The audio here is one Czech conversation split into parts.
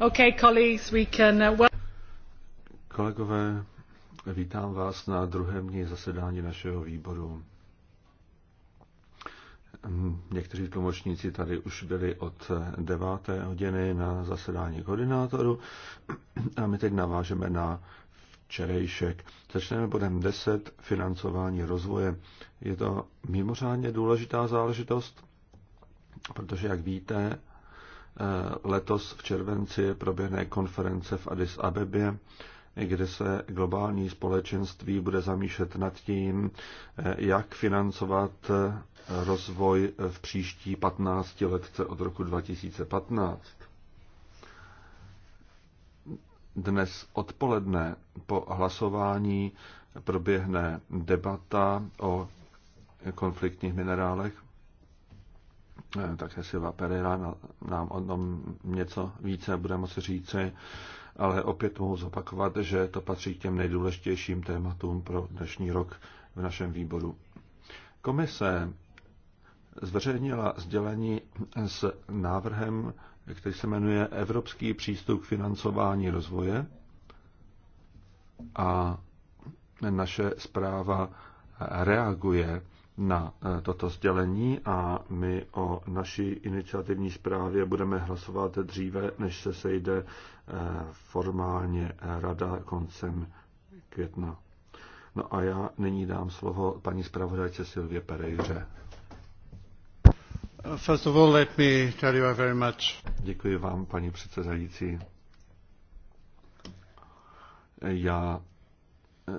Uh, Kolegové, vítám vás na druhém dní zasedání našeho výboru. Někteří tlumočníci tady už byli od 9. hodiny na zasedání koordinátoru a my teď navážeme na včerejšek. Začneme bodem 10, financování rozvoje. Je to mimořádně důležitá záležitost, protože, jak víte, Eh, letos v červenci proběhne konference v Addis Abebě, kde se globální společenství bude zamýšlet nad tím, eh, jak financovat eh, rozvoj v příští 15 letce od roku 2015. Dnes odpoledne po hlasování proběhne debata o konfliktních minerálech Eh, také Silva Pereira nám o tom něco více bude moci říci, ale opět mohu zopakovat, že to patří k těm nejdůležitějším tématům pro dnešní rok v našem výboru. Komise zveřejnila sdělení s návrhem, který se jmenuje Evropský přístup k financování rozvoje a naše zpráva reaguje na eh, toto sdělení a my o naší iniciativní zprávě budeme hlasovat dříve, než se sejde eh, formálně rada koncem května. No a já nyní dám slovo paní zpravodajce Silvě Perejře. Uh, first of all, let me tell you very much. Děkuji vám, paní předsedající. Já eh,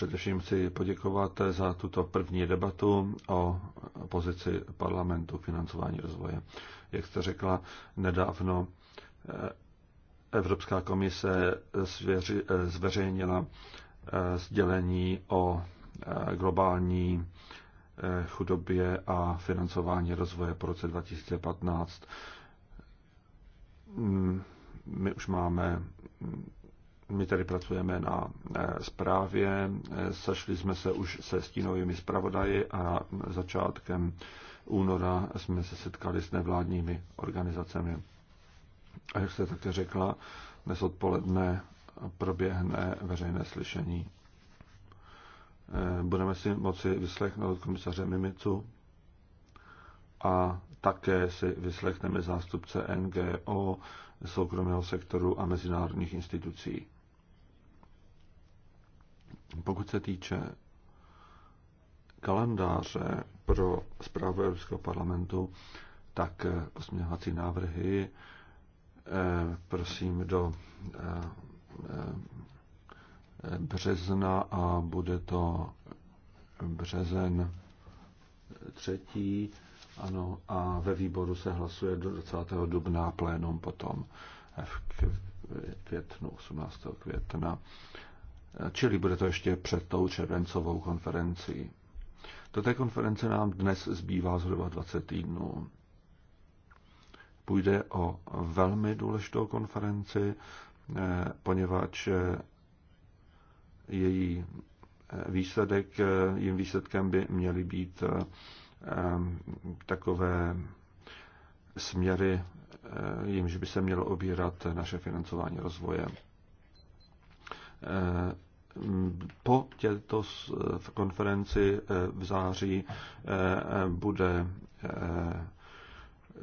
Především chci poděkovat za tuto první debatu o pozici parlamentu financování rozvoje. Jak jste řekla, nedávno eh, Evropská komise zvěři, eh, zveřejnila eh, sdělení o globální chudobě a financování rozvoje po roce 2015. Hmm, my už máme my tady pracujeme na eh, zprávě, eh, sešli jsme se už se stínovými zpravodaji a začátkem února jsme se setkali s nevládními organizacemi. A jak jste také řekla, dnes odpoledne proběhne veřejné slyšení. Eh, budeme si moci vyslechnout komisaře Mimicu a také si vyslechneme zástupce NGO, soukromého sektoru a mezinárodních institucí. Pokud se týče kalendáře pro zprávu Evropského parlamentu, tak eh, pozměňovací návrhy eh, prosím do eh, března a bude to březen třetí, ano, a ve výboru se hlasuje do 20. dubna plénum potom v květnu, 18. května čili bude to ještě před tou červencovou konferencí. Do té konference nám dnes zbývá zhruba 20 týdnů. Půjde o velmi důležitou konferenci, eh, poněvadž eh, její eh, výsledek, jejím výsledkem by měly být takové směry, jimž by se mělo obírat naše financování rozvoje. Eh, po těto eh, konferenci eh, v září bude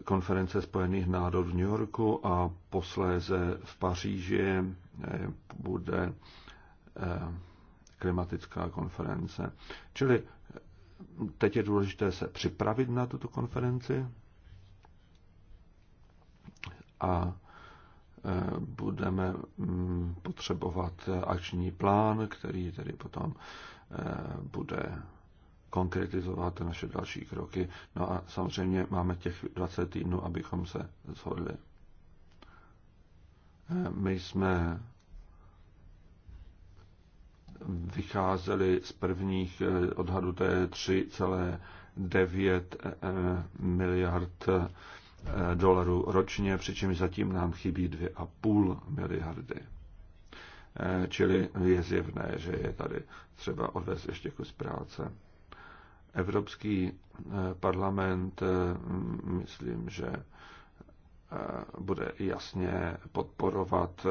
konference Spojených národů v New Yorku a posléze v Paříži bude klimatická konference. Čili teď je důležité se připravit na tuto konferenci a budeme mm, potřebovat akční plán, který tedy potom eh, bude konkretizovat naše další kroky. No a samozřejmě máme těch 20 týdnů, abychom se shodli. Eh, my jsme vycházeli z prvních eh, odhadů je 3,9 miliard dolarů ročně, přičemž zatím nám chybí 2,5 miliardy. Eh, čili je zjevné, že je tady třeba odvést ještě kus práce. Evropský eh, parlament, eh, myslím, že bude jasně podporovat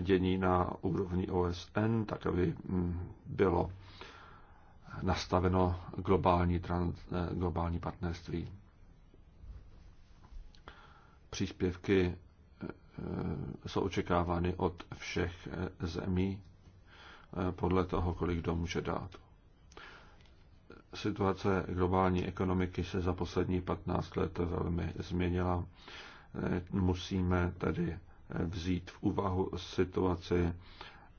dění na úrovni OSN, tak aby hm, bylo nastaveno globální, trans, globální partnerství. Příspěvky eh, eh, jsou očekávány od všech eh, zemí podle toho, kolik kdo může dát. Situace globální ekonomiky se za poslední 15 let velmi změnila. Musíme tedy vzít v úvahu situaci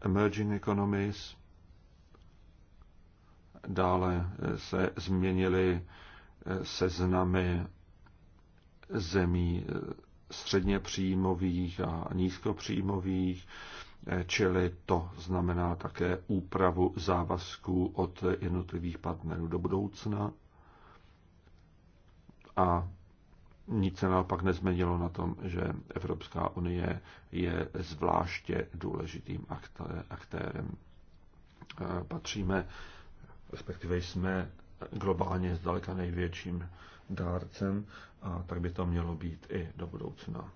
emerging economies. Dále se změnily seznamy zemí eh, středně příjmových a nízkopříjmových, eh, čili to znamená také úpravu závazků od jednotlivých partnerů do budoucna. A nic se naopak nezměnilo na tom, že Evropská unie je zvláště důležitým aktérem. Eh, patříme, respektive jsme globálně zdaleka největším dárcem a tak by to mělo být i do budoucna.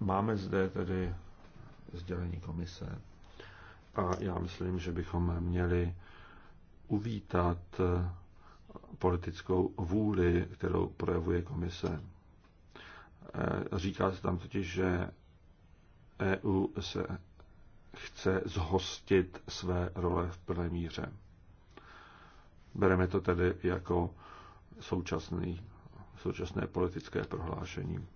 Máme zde tedy sdělení komise a já myslím, že bychom měli uvítat politickou vůli, kterou projevuje komise. E, říká se tam totiž, že EU se chce zhostit své role v plné míře. Bereme to tedy jako současný, současné politické prohlášení.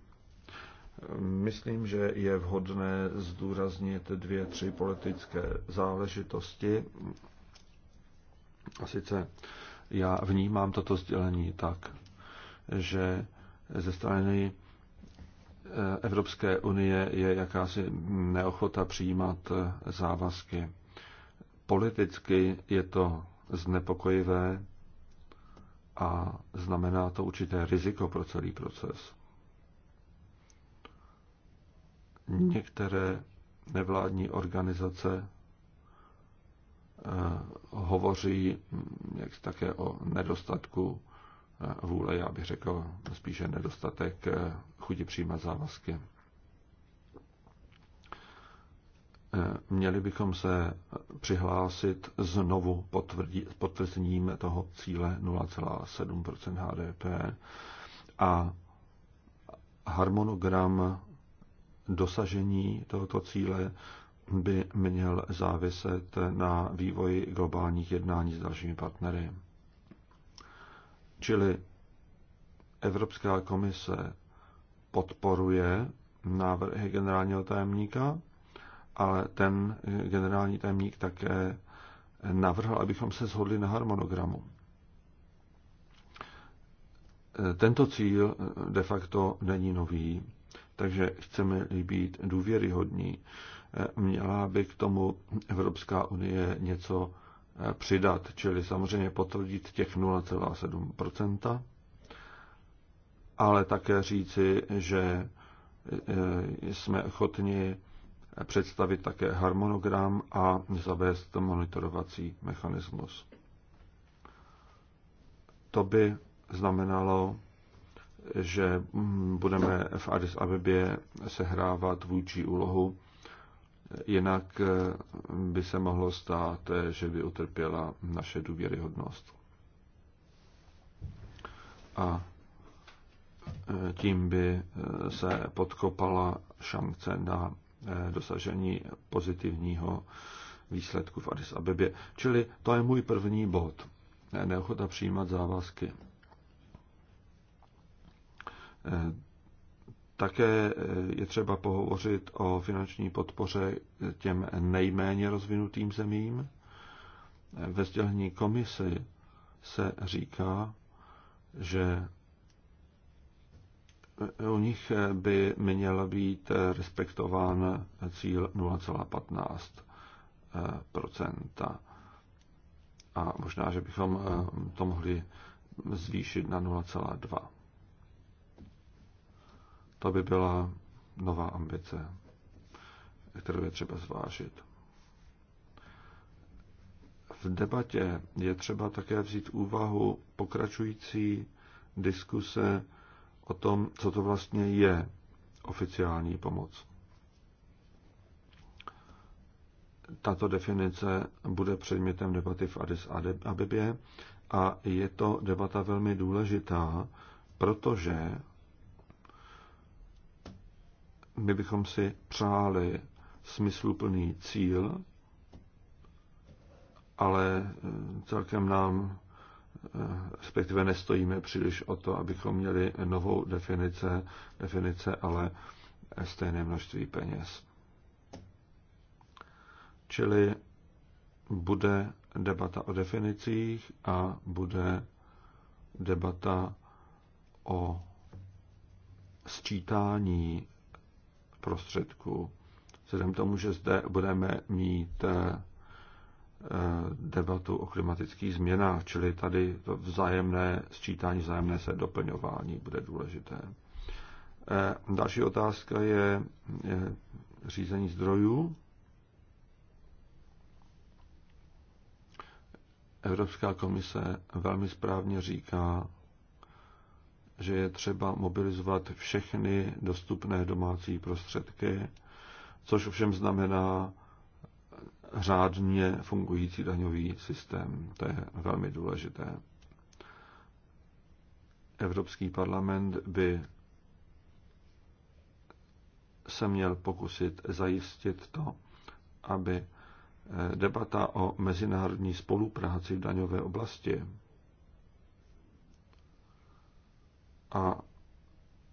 Myslím, že je vhodné zdůraznit dvě, tři politické záležitosti. A sice já vnímám toto sdělení tak, že ze strany eh, Evropské unie je jakási neochota přijímat eh, závazky. Politicky je to znepokojivé a znamená to určité riziko pro celý proces. Některé nevládní organizace eh, hovoří hm, jak také o nedostatku eh, vůle, já bych řekl spíše nedostatek eh, chuti přijímat závazky. Eh, měli bychom se přihlásit znovu potvrzením toho cíle 0,7 HDP a harmonogram dosažení tohoto cíle by měl záviset na vývoji globálních jednání s dalšími partnery. Čili Evropská komise podporuje návrhy generálního tajemníka ale ten generální tajemník také navrhl, abychom se shodli na harmonogramu. Tento cíl de facto není nový, takže chceme být důvěryhodní, měla by k tomu Evropská unie něco přidat, čili samozřejmě potvrdit těch 0,7%, ale také říci, že jsme ochotni představit také harmonogram a zavést monitorovací mechanismus. To by znamenalo, že mm, budeme v Addis Abebě sehrávat vůči úlohu, jinak eh, by se mohlo stát, eh, že by utrpěla naše důvěryhodnost. A eh, tím by se podkopala šance na Eh, dosažení pozitivního výsledku v Addis Abebě. Čili to je můj první bod. Neochota přijímat závazky. Eh, také eh, je třeba pohovořit o finanční podpoře těm nejméně rozvinutým zemím. Ve sdělení komisy se říká, že u nich by měl být respektován cíl 0,15 A možná, že bychom eh, to mohli zvýšit na 0,2. To by byla nová ambice, kterou je třeba zvážit. V debatě je třeba také vzít úvahu pokračující diskuse o tom, co to vlastně je oficiální pomoc. Tato definice bude předmětem debaty v Addis Abebě a je to debata velmi důležitá, protože my bychom si přáli smysluplný cíl, ale celkem nám respektive nestojíme příliš o to, abychom měli novou definice, definice ale stejné množství peněz. Čili bude debata o definicích a bude debata o sčítání prostředků. Vzhledem tomu, že zde budeme mít eh, debatu o klimatických změnách, čili tady to vzájemné sčítání, vzájemné se doplňování bude důležité. Eh, další otázka je eh, řízení zdrojů. Evropská komise velmi správně říká, že je třeba mobilizovat všechny dostupné domácí prostředky, což ovšem znamená, řádně fungující daňový systém. To je velmi důležité. Evropský parlament by se měl pokusit zajistit to, aby eh, debata o mezinárodní spolupráci v daňové oblasti a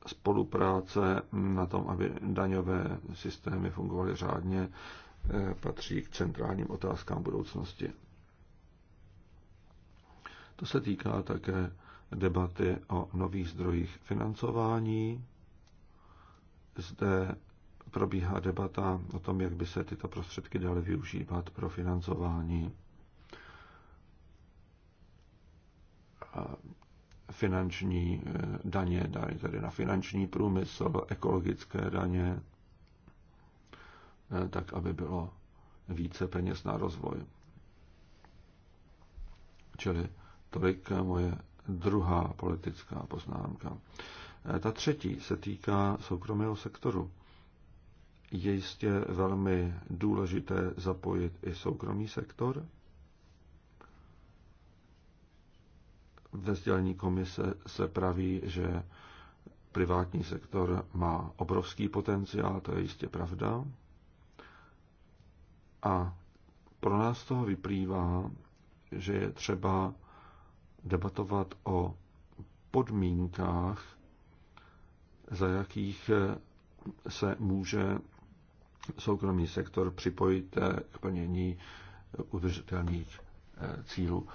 spolupráce na tom, aby daňové systémy fungovaly řádně, Eh, patří k centrálním otázkám budoucnosti. To se týká také debaty o nových zdrojích financování. Zde probíhá debata o tom, jak by se tyto prostředky daly využívat pro financování finanční eh, daně, daně tedy na finanční průmysl, ekologické daně, Eh, tak aby bylo více peněz na rozvoj. Čili tolik moje druhá politická poznámka. Eh, ta třetí se týká soukromého sektoru. Je jistě velmi důležité zapojit i soukromý sektor. Ve sdělení komise se praví, že privátní sektor má obrovský potenciál, to je jistě pravda. A pro nás toho vyplývá, že je třeba debatovat o podmínkách, za jakých se může soukromý sektor připojit k plnění udržitelných eh, cílů.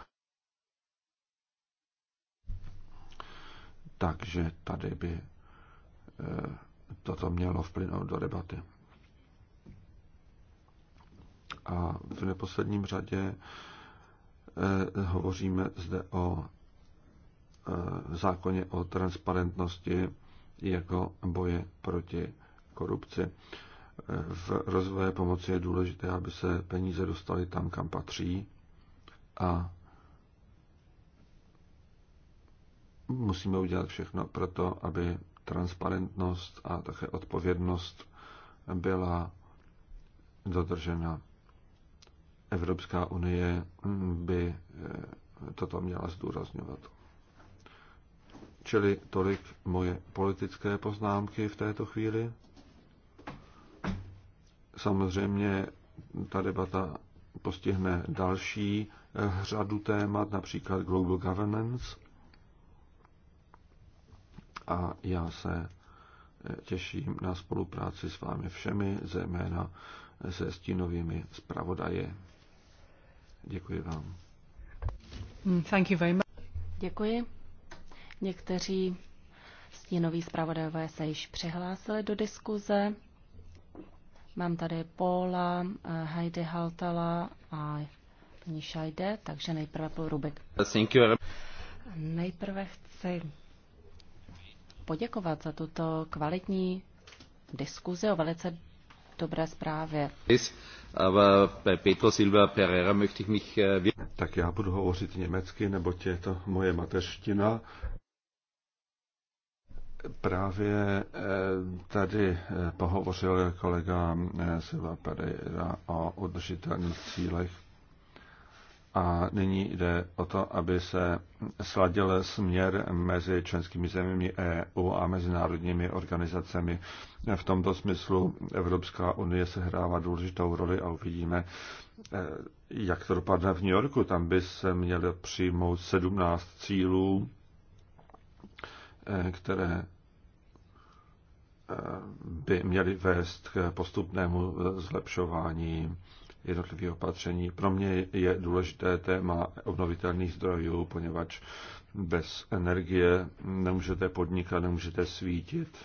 Takže tady by eh, toto mělo vplynout do debaty a v neposledním řadě eh, hovoříme zde o eh, zákoně o transparentnosti jako boje proti korupci. Eh, v rozvoje pomoci je důležité, aby se peníze dostaly tam, kam patří a musíme udělat všechno pro to, aby transparentnost a také odpovědnost byla dodržena. Evropská unie mm, by eh, toto měla zdůrazňovat. Čili tolik moje politické poznámky v této chvíli. Samozřejmě ta debata postihne další eh, řadu témat, například Global Governance. A já se eh, těším na spolupráci s vámi všemi, zejména se stínovými zpravodaje. Děkuji vám. Hmm, thank you very much. Děkuji. Někteří stínoví zpravodajové se již přihlásili do diskuze. Mám tady Paula, eh, Heidi Haltala a paní Šajde, takže nejprve po Rubik. Thank you. Nejprve chci poděkovat za tuto kvalitní diskuzi o velice dobré zprávě. Äh, tak já budu hovořit německy, neboť je to moje mateřština. Právě eh, tady eh, pohovořil kolega eh, Silva Pereira o udržitelných cílech a nyní jde o to, aby se sladil směr mezi členskými zeměmi EU a mezinárodními organizacemi. V tomto smyslu Evropská unie se hrává důležitou roli a uvidíme, eh, jak to dopadne v New Yorku. Tam by se měly přijmout 17 cílů, eh, které eh, by měly vést k postupnému zlepšování jednotlivých opatření. Pro mě je důležité téma obnovitelných zdrojů, poněvadž bez energie nemůžete podnikat, nemůžete svítit.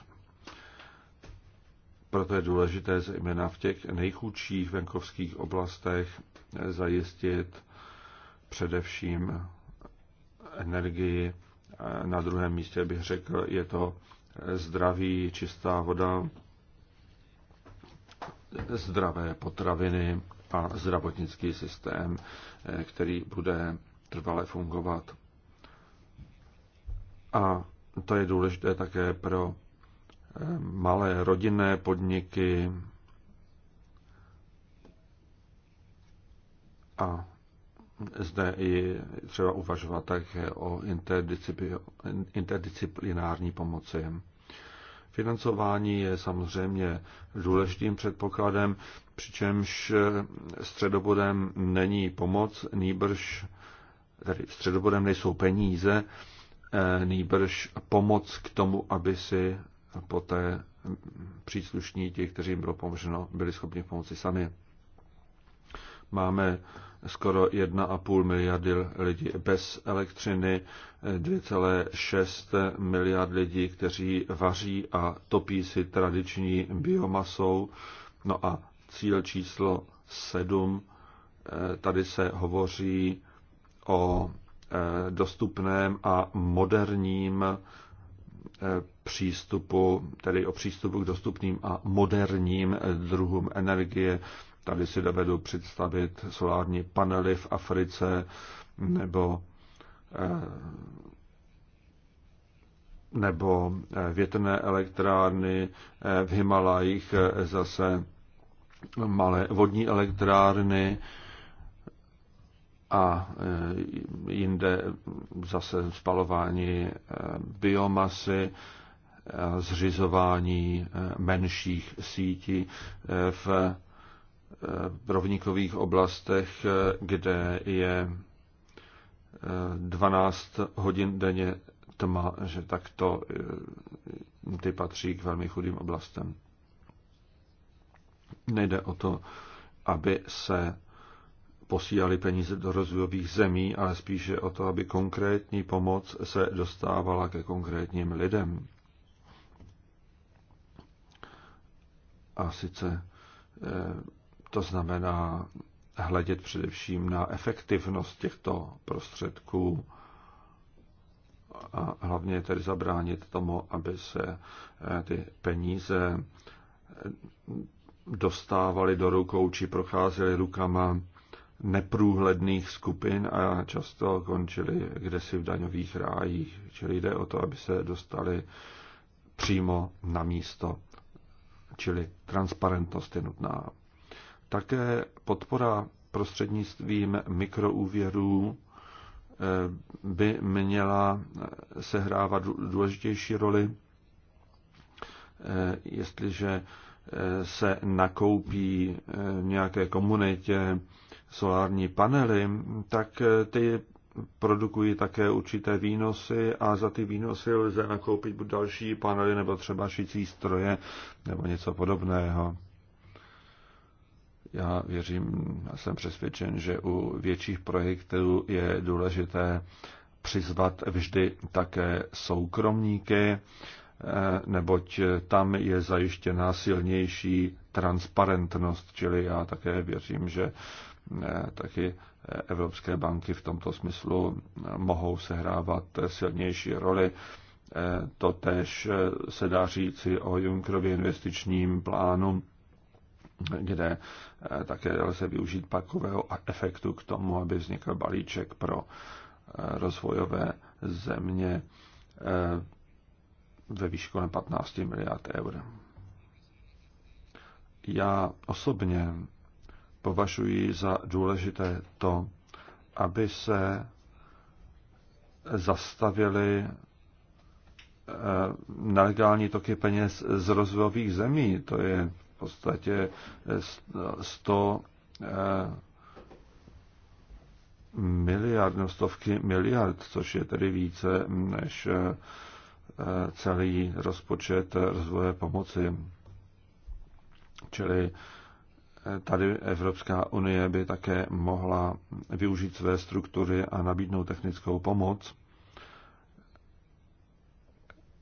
Proto je důležité zejména v těch nejchudších venkovských oblastech zajistit především energii. Na druhém místě bych řekl, je to zdraví, čistá voda, zdravé potraviny, a zdravotnický systém, eh, který bude trvale fungovat. A to je důležité také pro eh, malé rodinné podniky a zde i třeba uvažovat také o interdisciplinární pomoci. Financování je samozřejmě důležitým předpokladem, přičemž středobodem není pomoc, nýbrž, tedy středobodem nejsou peníze, eh, nýbrž pomoc k tomu, aby si poté příslušní ti, kteří jim bylo pomoženo, byli schopni pomoci sami. Máme skoro 1,5 miliardy lidí bez elektřiny, 2,6 miliard lidí, kteří vaří a topí si tradiční biomasou. No a cíl číslo 7, eh, tady se hovoří o eh, dostupném a moderním eh, přístupu, tedy o přístupu k dostupným a moderním druhům energie, Tady si dovedu představit solární panely v Africe nebo eh, nebo eh, větrné elektrárny, eh, v Himalajích zase malé vodní elektrárny a jinde zase spalování biomasy, zřizování menších sítí v rovníkových oblastech, kde je 12 eh, hodin denně tma, že takto eh, ty patří k velmi chudým oblastem. Nejde o to, aby se posílali peníze do rozvojových zemí, ale spíše o to, aby konkrétní pomoc se dostávala ke konkrétním lidem. A sice eh, to znamená hledět především na efektivnost těchto prostředků a hlavně tedy zabránit tomu, aby se eh, ty peníze dostávaly do rukou či procházely rukama neprůhledných skupin a často končili kdesi v daňových rájích. Čili jde o to, aby se dostali přímo na místo. Čili transparentnost je nutná. Také podpora prostřednictvím mikroúvěrů eh, by měla sehrávat důležitější roli, eh, jestliže eh, se nakoupí v nějaké komunitě solární panely, tak ty produkují také určité výnosy a za ty výnosy lze nakoupit buď další panely nebo třeba šicí stroje nebo něco podobného. Já věřím, já jsem přesvědčen, že u větších projektů je důležité přizvat vždy také soukromníky, eh, neboť tam je zajištěná silnější transparentnost, čili já také věřím, že eh, taky eh, evropské banky v tomto smyslu mohou sehrávat silnější roli. To tež se dá říci o Junckerově investičním plánu kde eh, také lze využít pakového efektu k tomu, aby vznikl balíček pro eh, rozvojové země eh, ve výši kolem 15 miliard eur. Já osobně považuji za důležité to, aby se zastavili nelegální toky peněz z rozvojových zemí. To je podstatě 100 eh, eh, eh, miliard, no stovky miliard, což je tedy více než celý rozpočet rozvoje pomoci. Čili tady Evropská unie by také mohla využít své struktury a nabídnout technickou pomoc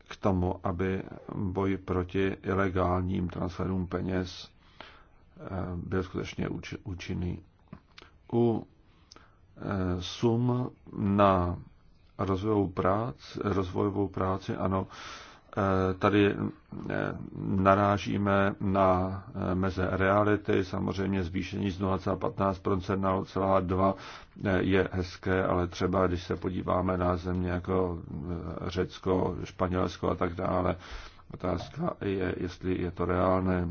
k tomu, aby boj proti ilegálním transferům peněz eh, byl skutečně účinný. U eh, sum na rozvojovou práci, rozvojovou práci ano, Eh, tady eh, narážíme na eh, meze reality. Samozřejmě zvýšení z 0,15% na 0,2 je hezké, ale třeba když se podíváme na země jako Řecko, Španělsko a tak dále, otázka je, jestli je to reálné.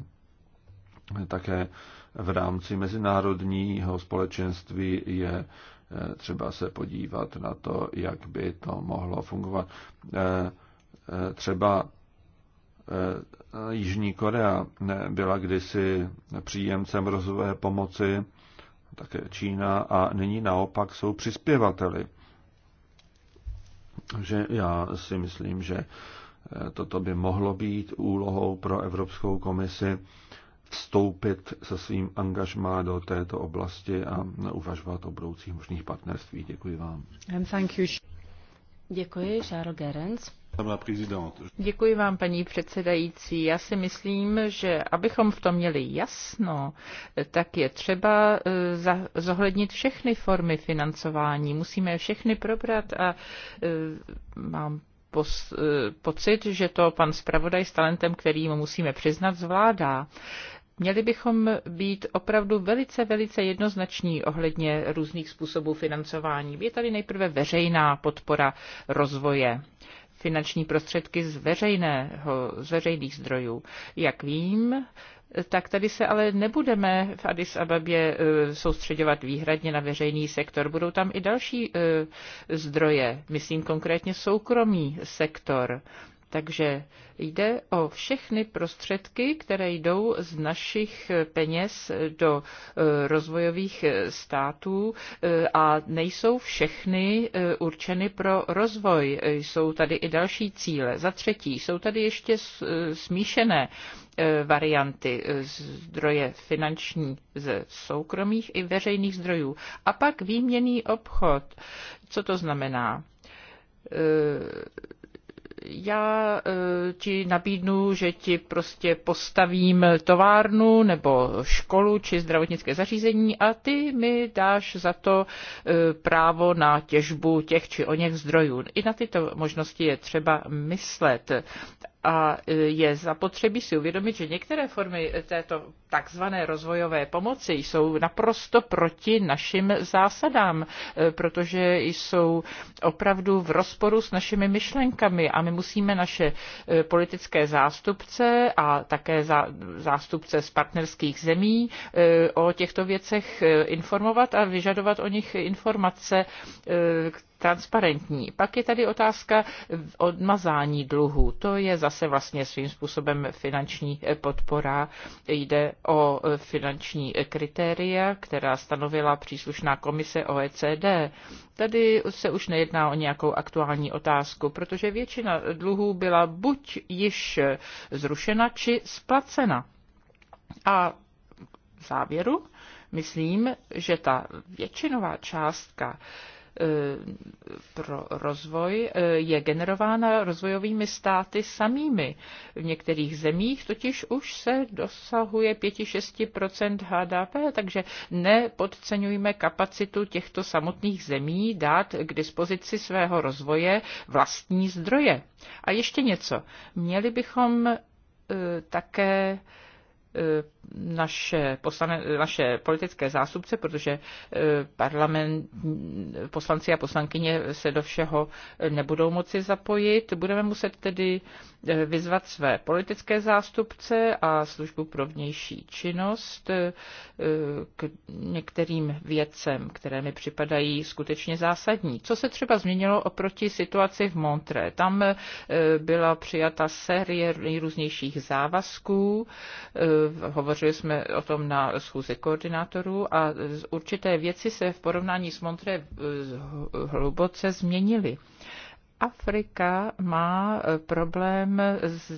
Také v rámci mezinárodního společenství je třeba se podívat na to, jak by to mohlo fungovat. Třeba eh, Jižní Korea byla kdysi příjemcem rozvojové pomoci, také Čína, a nyní naopak jsou přispěvateli. Že já si myslím, že eh, toto by mohlo být úlohou pro Evropskou komisi vstoupit se svým angažmá do této oblasti a uvažovat o budoucích možných partnerství. Děkuji vám. And thank you. Děkuji, Charles Gerens. Děkuji vám, paní předsedající. Já si myslím, že abychom v tom měli jasno, tak je třeba eh, zohlednit všechny formy financování. Musíme je všechny probrat a eh, mám eh, pocit, že to pan zpravodaj s talentem, který mu musíme přiznat, zvládá. Měli bychom být opravdu velice, velice jednoznační ohledně různých způsobů financování. Je tady nejprve veřejná podpora rozvoje finanční prostředky z, veřejného, z veřejných zdrojů. Jak vím, tak tady se ale nebudeme v Addis Ababě e, soustředovat výhradně na veřejný sektor. Budou tam i další e, zdroje, myslím konkrétně soukromý sektor. Takže jde o všechny prostředky, které jdou z našich peněz do e, rozvojových států e, a nejsou všechny e, určeny pro rozvoj. Jsou tady i další cíle. Za třetí, jsou tady ještě smíšené varianty zdroje finanční ze soukromých i veřejných zdrojů. A pak výměný obchod. Co to znamená? já eh, ti nabídnu, že ti prostě postavím továrnu nebo školu či zdravotnické zařízení a ty mi dáš za to eh, právo na těžbu těch či o něch zdrojů. I na tyto možnosti je třeba myslet a e, je zapotřebí si uvědomit, že některé formy této takzvané rozvojové pomoci jsou naprosto proti našim zásadám, e, protože jsou opravdu v rozporu s našimi myšlenkami a my musíme naše e, politické zástupce a také zástupce z partnerských zemí o těchto věcech informovat a vyžadovat o nich informace, transparentní. Pak je tady otázka odmazání dluhu. To je zase vlastně svým způsobem finanční podpora. Jde o finanční kritéria, která stanovila příslušná komise OECD. Tady se už nejedná o nějakou aktuální otázku, protože většina dluhů byla buď již zrušena, či splacena. A v závěru myslím, že ta většinová částka Eh, pro rozvoj eh, je generována rozvojovými státy samými. V některých zemích totiž už se dosahuje 5-6 HDP, takže nepodceňujme kapacitu těchto samotných zemí dát k dispozici svého rozvoje vlastní zdroje. A ještě něco. Měli bychom eh, také Eh, naše, poslane, naše politické zástupce, protože eh, parlament, poslanci a poslankyně se do všeho nebudou moci zapojit. Budeme muset tedy eh, vyzvat své politické zástupce a službu pro vnější činnost k některým věcem, které mi připadají skutečně zásadní. Co se třeba změnilo oproti situaci v Montre? Tam byla přijata série nejrůznějších závazků, hovořili jsme o tom na schůzi koordinátorů a určité věci se v porovnání s Montré hluboce změnily. Afrika má eh, problém s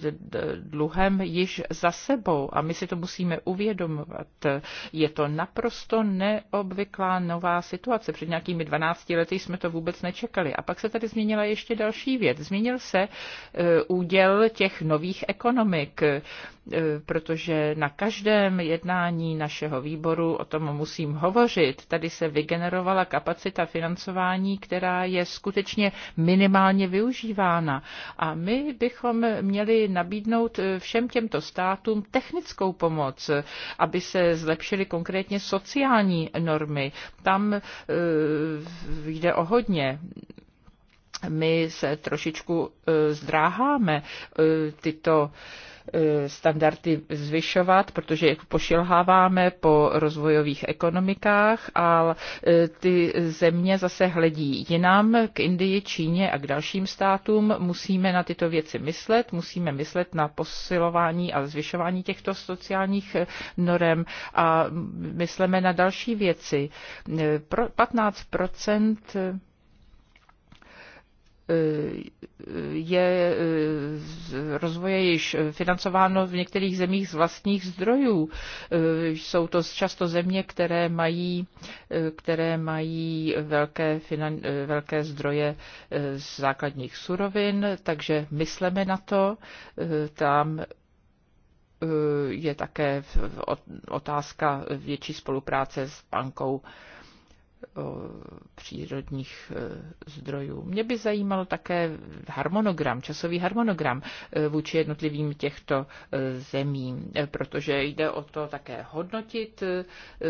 dluhem již za sebou a my si to musíme uvědomovat. Je to naprosto neobvyklá nová situace. Před nějakými 12 lety jsme to vůbec nečekali. A pak se tady změnila ještě další věc. Změnil se eh, úděl těch nových ekonomik. E, protože na každém jednání našeho výboru o tom musím hovořit. Tady se vygenerovala kapacita financování, která je skutečně minimálně využívána. A my bychom měli nabídnout e, všem těmto státům technickou pomoc, aby se zlepšily konkrétně sociální normy. Tam e, jde o hodně my se trošičku zdráháme tyto E, standardy zvyšovat, protože pošilháváme po rozvojových ekonomikách a e, ty země zase hledí jinam k Indii, Číně a k dalším státům. Musíme na tyto věci myslet, musíme myslet na posilování a zvyšování těchto sociálních e, norem a mysleme na další věci. 15 je rozvoje již financováno v některých zemích z vlastních zdrojů. Jsou to často země, které mají, které mají velké, finan, velké zdroje z základních surovin, takže mysleme na to. Tam eh, je také otázka větší spolupráce s bankou přírodních e, zdrojů. Mě by zajímal také harmonogram, časový harmonogram e, vůči jednotlivým těchto e, zemím, protože jde o to také hodnotit,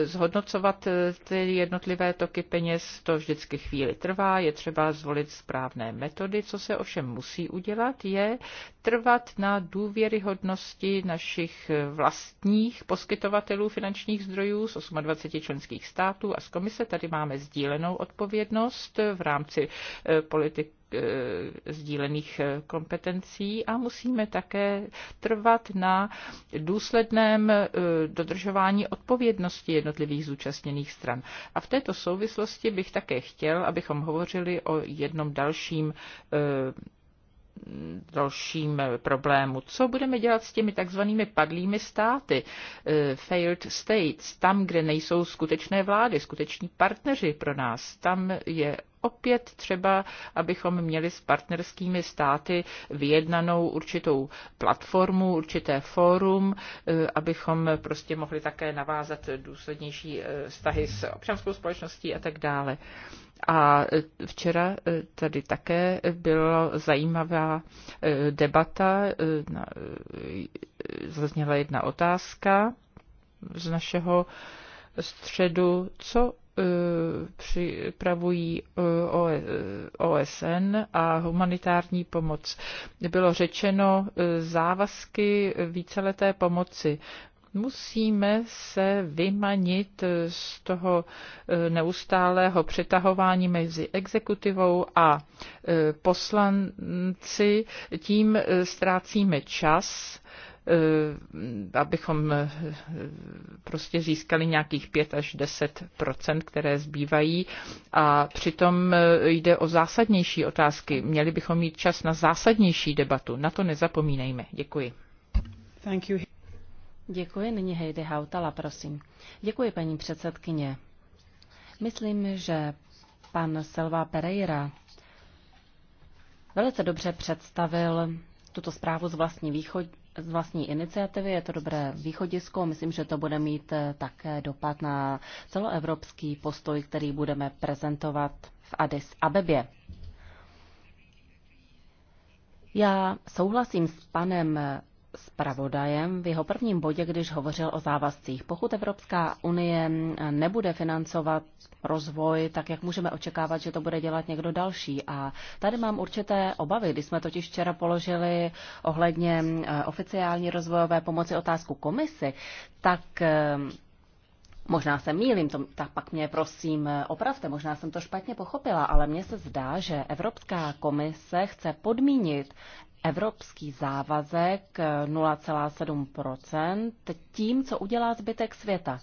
zhodnocovat ty jednotlivé toky peněz. To vždycky chvíli trvá, je třeba zvolit správné metody. Co se ovšem musí udělat, je trvat na důvěryhodnosti našich vlastních poskytovatelů finančních zdrojů z 28 členských států a z komise. Tady máme máme sdílenou odpovědnost v rámci eh, politik eh, sdílených eh, kompetencí a musíme také trvat na důsledném dodržování odpovědnosti jednotlivých zúčastněných stran. A v této souvislosti bych také chtěl, abychom hovořili o jednom dalším dalším problému. Co budeme dělat s těmi takzvanými padlými státy, eh, failed states, tam, kde nejsou skutečné vlády, skuteční partneři pro nás, tam je opět třeba, abychom měli s partnerskými státy vyjednanou určitou platformu, určité fórum, eh, abychom prostě mohli také navázat důslednější eh, vztahy s občanskou společností a tak dále. A eh, včera tady také byla zajímavá debata, zazněla jedna otázka z našeho středu, co e, připravují e, OSN e, a humanitární pomoc. Bylo řečeno závazky víceleté pomoci musíme se vymanit z toho neustálého přetahování mezi exekutivou a poslanci. Tím ztrácíme čas Eh, abychom eh, prostě získali nějakých 5 až 10 které zbývají. A přitom eh, jde o zásadnější otázky. Měli bychom mít čas na zásadnější debatu. Na to nezapomínejme. Děkuji. Thank you. Děkuji. Nyní Heidi Hautala, prosím. Děkuji, paní předsedkyně. Myslím, že pan Selva Pereira velice dobře představil tuto zprávu z vlastní východ, z vlastní iniciativy, je to dobré východisko, myslím, že to bude mít eh, také dopad na celoevropský postoj, který budeme prezentovat v Addis Abebě. Já souhlasím s panem zpravodajem v jeho prvním bodě, když hovořil o závazcích. Pokud Evropská unie nebude financovat rozvoj, tak jak můžeme očekávat, že to bude dělat někdo další. A tady mám určité obavy, když jsme totiž včera položili ohledně eh, oficiální rozvojové pomoci otázku komisi, tak eh, Možná se mýlím, to, tak pak mě prosím eh, opravte, možná jsem to špatně pochopila, ale mně se zdá, že Evropská komise chce podmínit evropský závazek 0,7% eh, tím, co udělá zbytek světa.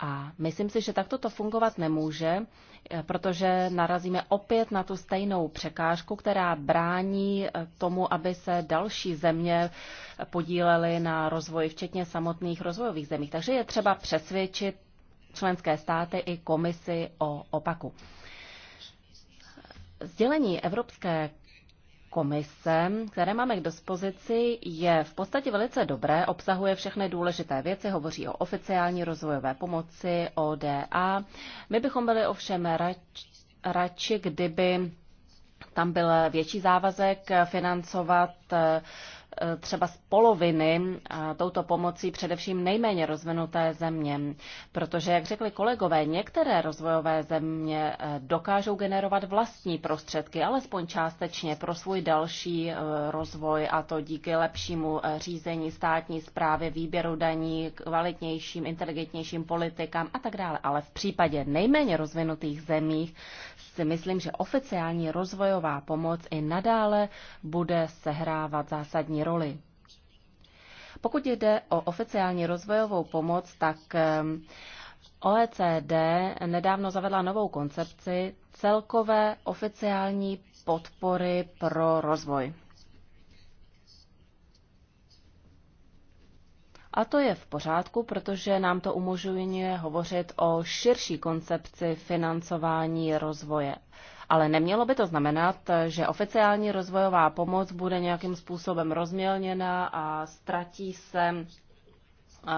A myslím si, že takto to fungovat nemůže, eh, protože narazíme opět na tu stejnou překážku, která brání tomu, aby se další země podílely na rozvoji, včetně samotných rozvojových zemí. Takže je třeba přesvědčit členské státy i komisi o opaku. Sdělení Evropské komise, které máme k dispozici, je v podstatě velice dobré, obsahuje všechny důležité věci, hovoří o oficiální rozvojové pomoci, ODA. My bychom byli ovšem rač, radši, kdyby tam byl větší závazek financovat Eh, třeba z poloviny touto pomocí především nejméně rozvinuté země. Protože, jak řekli kolegové, některé rozvojové země eh, dokážou generovat vlastní prostředky, alespoň částečně pro svůj další eh, rozvoj a to díky lepšímu řízení státní zprávy, výběru daní, kvalitnějším, inteligentnějším politikám a tak dále. Ale v případě nejméně rozvinutých zemích si myslím, že oficiální rozvojová pomoc i nadále bude sehrávat zásadní roli. Pokud jde o oficiální rozvojovou pomoc, tak OECD nedávno zavedla novou koncepci celkové oficiální podpory pro rozvoj. A to je v pořádku, protože nám to umožňuje hovořit o širší koncepci financování rozvoje. Ale nemělo by to znamenat, že oficiální rozvojová pomoc bude nějakým způsobem rozmělněna a ztratí se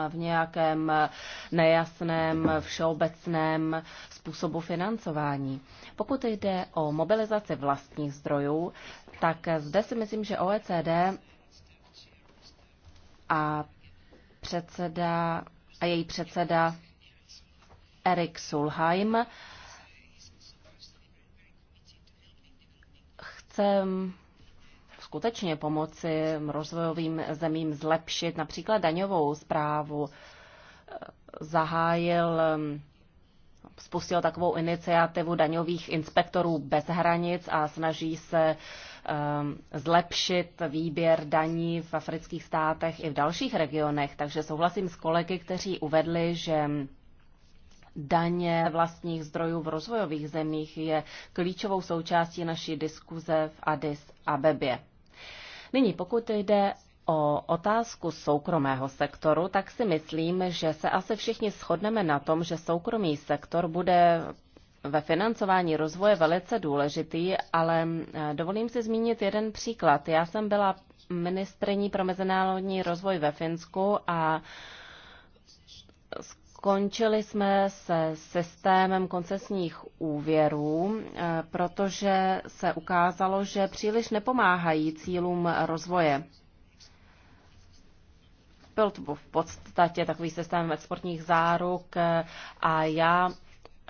v nějakém nejasném všeobecném způsobu financování. Pokud jde o mobilizaci vlastních zdrojů, tak zde si myslím, že OECD a předseda a její předseda Erik Sulheim. Chce skutečně pomoci rozvojovým zemím zlepšit například daňovou zprávu. Zahájil um, spustil takovou iniciativu daňových inspektorů bez hranic a snaží se Um, zlepšit výběr daní v afrických státech i v dalších regionech. Takže souhlasím s kolegy, kteří uvedli, že daně vlastních zdrojů v rozvojových zemích je klíčovou součástí naší diskuze v Addis Abebě. Nyní, pokud jde O otázku soukromého sektoru, tak si myslím, že se asi všichni shodneme na tom, že soukromý sektor bude ve financování rozvoje velice důležitý, ale eh, dovolím si zmínit jeden příklad. Já jsem byla ministrní pro mezinárodní rozvoj ve Finsku a skončili jsme se systémem koncesních úvěrů, eh, protože se ukázalo, že příliš nepomáhají cílům rozvoje. Byl to v podstatě takový systém exportních záruk eh, a já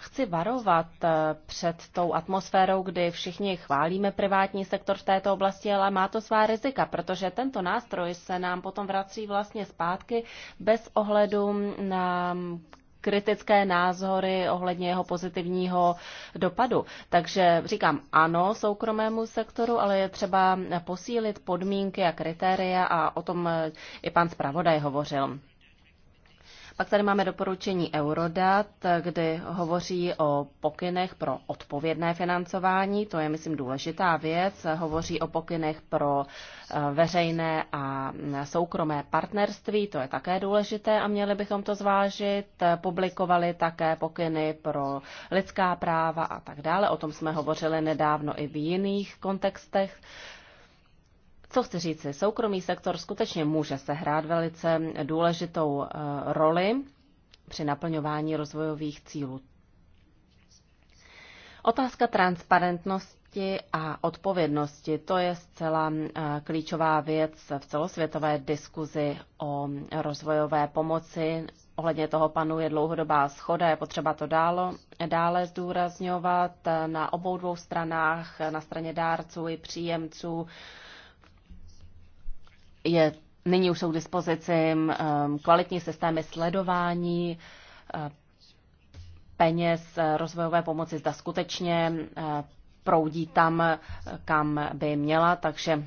chci varovat eh, před tou atmosférou, kdy všichni chválíme privátní sektor v této oblasti, ale má to svá rizika, protože tento nástroj se nám potom vrací vlastně zpátky bez ohledu na kritické názory ohledně jeho pozitivního dopadu. Takže říkám ano soukromému sektoru, ale je třeba posílit podmínky a kritéria a o tom i pan zpravodaj hovořil. Pak tady máme doporučení Eurodat, kdy hovoří o pokynech pro odpovědné financování, to je, myslím, důležitá věc. Hovoří o pokynech pro eh, veřejné a mm, soukromé partnerství, to je také důležité a měli bychom to zvážit. Publikovali také pokyny pro lidská práva a tak dále, o tom jsme hovořili nedávno i v jiných kontextech. Co chci říct, soukromý sektor skutečně může sehrát velice důležitou eh, roli při naplňování rozvojových cílů. Otázka transparentnosti a odpovědnosti, to je zcela eh, klíčová věc v celosvětové diskuzi o rozvojové pomoci. Ohledně toho panuje dlouhodobá schoda, je potřeba to dálo, dále zdůrazňovat na obou dvou stranách, na straně dárců i příjemců je, nyní už jsou k dispozici um, kvalitní systémy sledování uh, peněz uh, rozvojové pomoci, zda skutečně uh, proudí tam, kam by měla, takže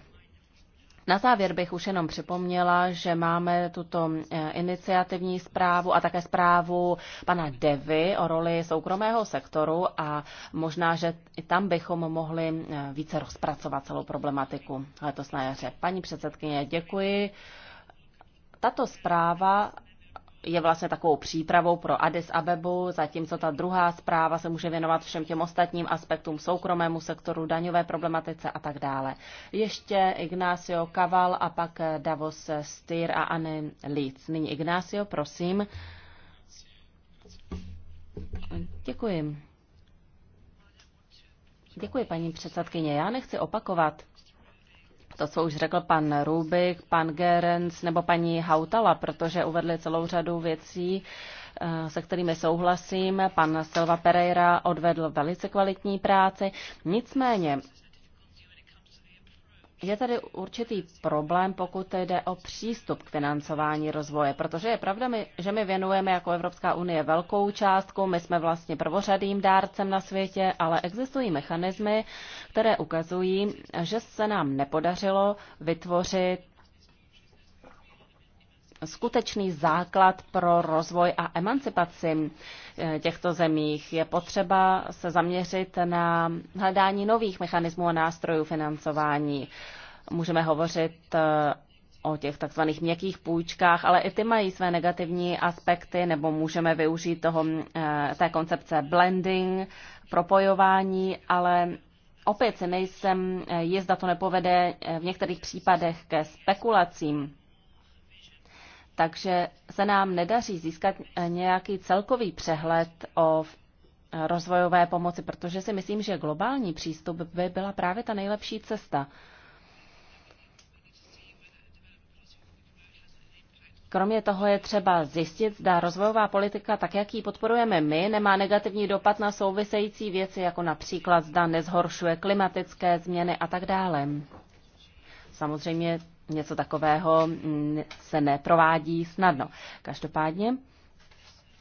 na závěr bych už jenom připomněla, že máme tuto eh, iniciativní zprávu a také zprávu pana Devy o roli soukromého sektoru a možná, že i tam bychom mohli eh, více rozpracovat celou problematiku letos na jaře. Paní předsedkyně, děkuji. Tato zpráva je vlastně takovou přípravou pro Addis Abebu, zatímco ta druhá zpráva se může věnovat všem těm ostatním aspektům soukromému sektoru, daňové problematice a tak dále. Ještě Ignacio Kaval a pak Davos Styr a Anne Leeds. Nyní Ignacio, prosím. Děkuji. Děkuji, paní předsedkyně. Já nechci opakovat to, co už řekl pan Rubik, pan Gerens nebo paní Hautala, protože uvedli celou řadu věcí, eh, se kterými souhlasím. Pan Silva Pereira odvedl velice kvalitní práci. Nicméně je tady určitý problém, pokud jde o přístup k financování rozvoje, protože je pravda, my, že my věnujeme jako Evropská unie velkou částku, my jsme vlastně prvořadým dárcem na světě, ale existují mechanismy, které ukazují, že se nám nepodařilo vytvořit skutečný základ pro rozvoj a emancipaci eh, těchto zemích. Je potřeba se zaměřit na hledání nových mechanismů a nástrojů financování. Můžeme hovořit eh, o těch takzvaných měkkých půjčkách, ale i ty mají své negativní aspekty, nebo můžeme využít toho, eh, té koncepce blending, propojování, ale opět si nejsem jist, to nepovede v některých případech ke spekulacím takže se nám nedaří získat eh, nějaký celkový přehled o eh, rozvojové pomoci, protože si myslím, že globální přístup by byla právě ta nejlepší cesta. Kromě toho je třeba zjistit, zda rozvojová politika, tak jak ji podporujeme my, nemá negativní dopad na související věci, jako například zda nezhoršuje klimatické změny a tak dále. Samozřejmě něco takového mm, se neprovádí snadno. Každopádně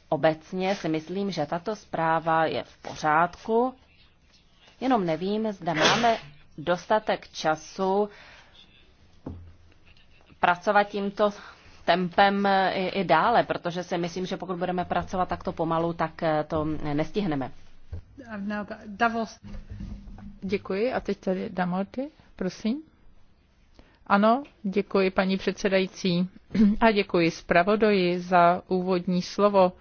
obecně si myslím, že tato zpráva je v pořádku, jenom nevím, zda máme dostatek času pracovat tímto tempem i, i dále, protože si myslím, že pokud budeme pracovat takto pomalu, tak eh, to nestihneme. Davos. Děkuji a teď tady Damorty, prosím. Ano, děkuji paní předsedající a děkuji zpravodoji za úvodní slovo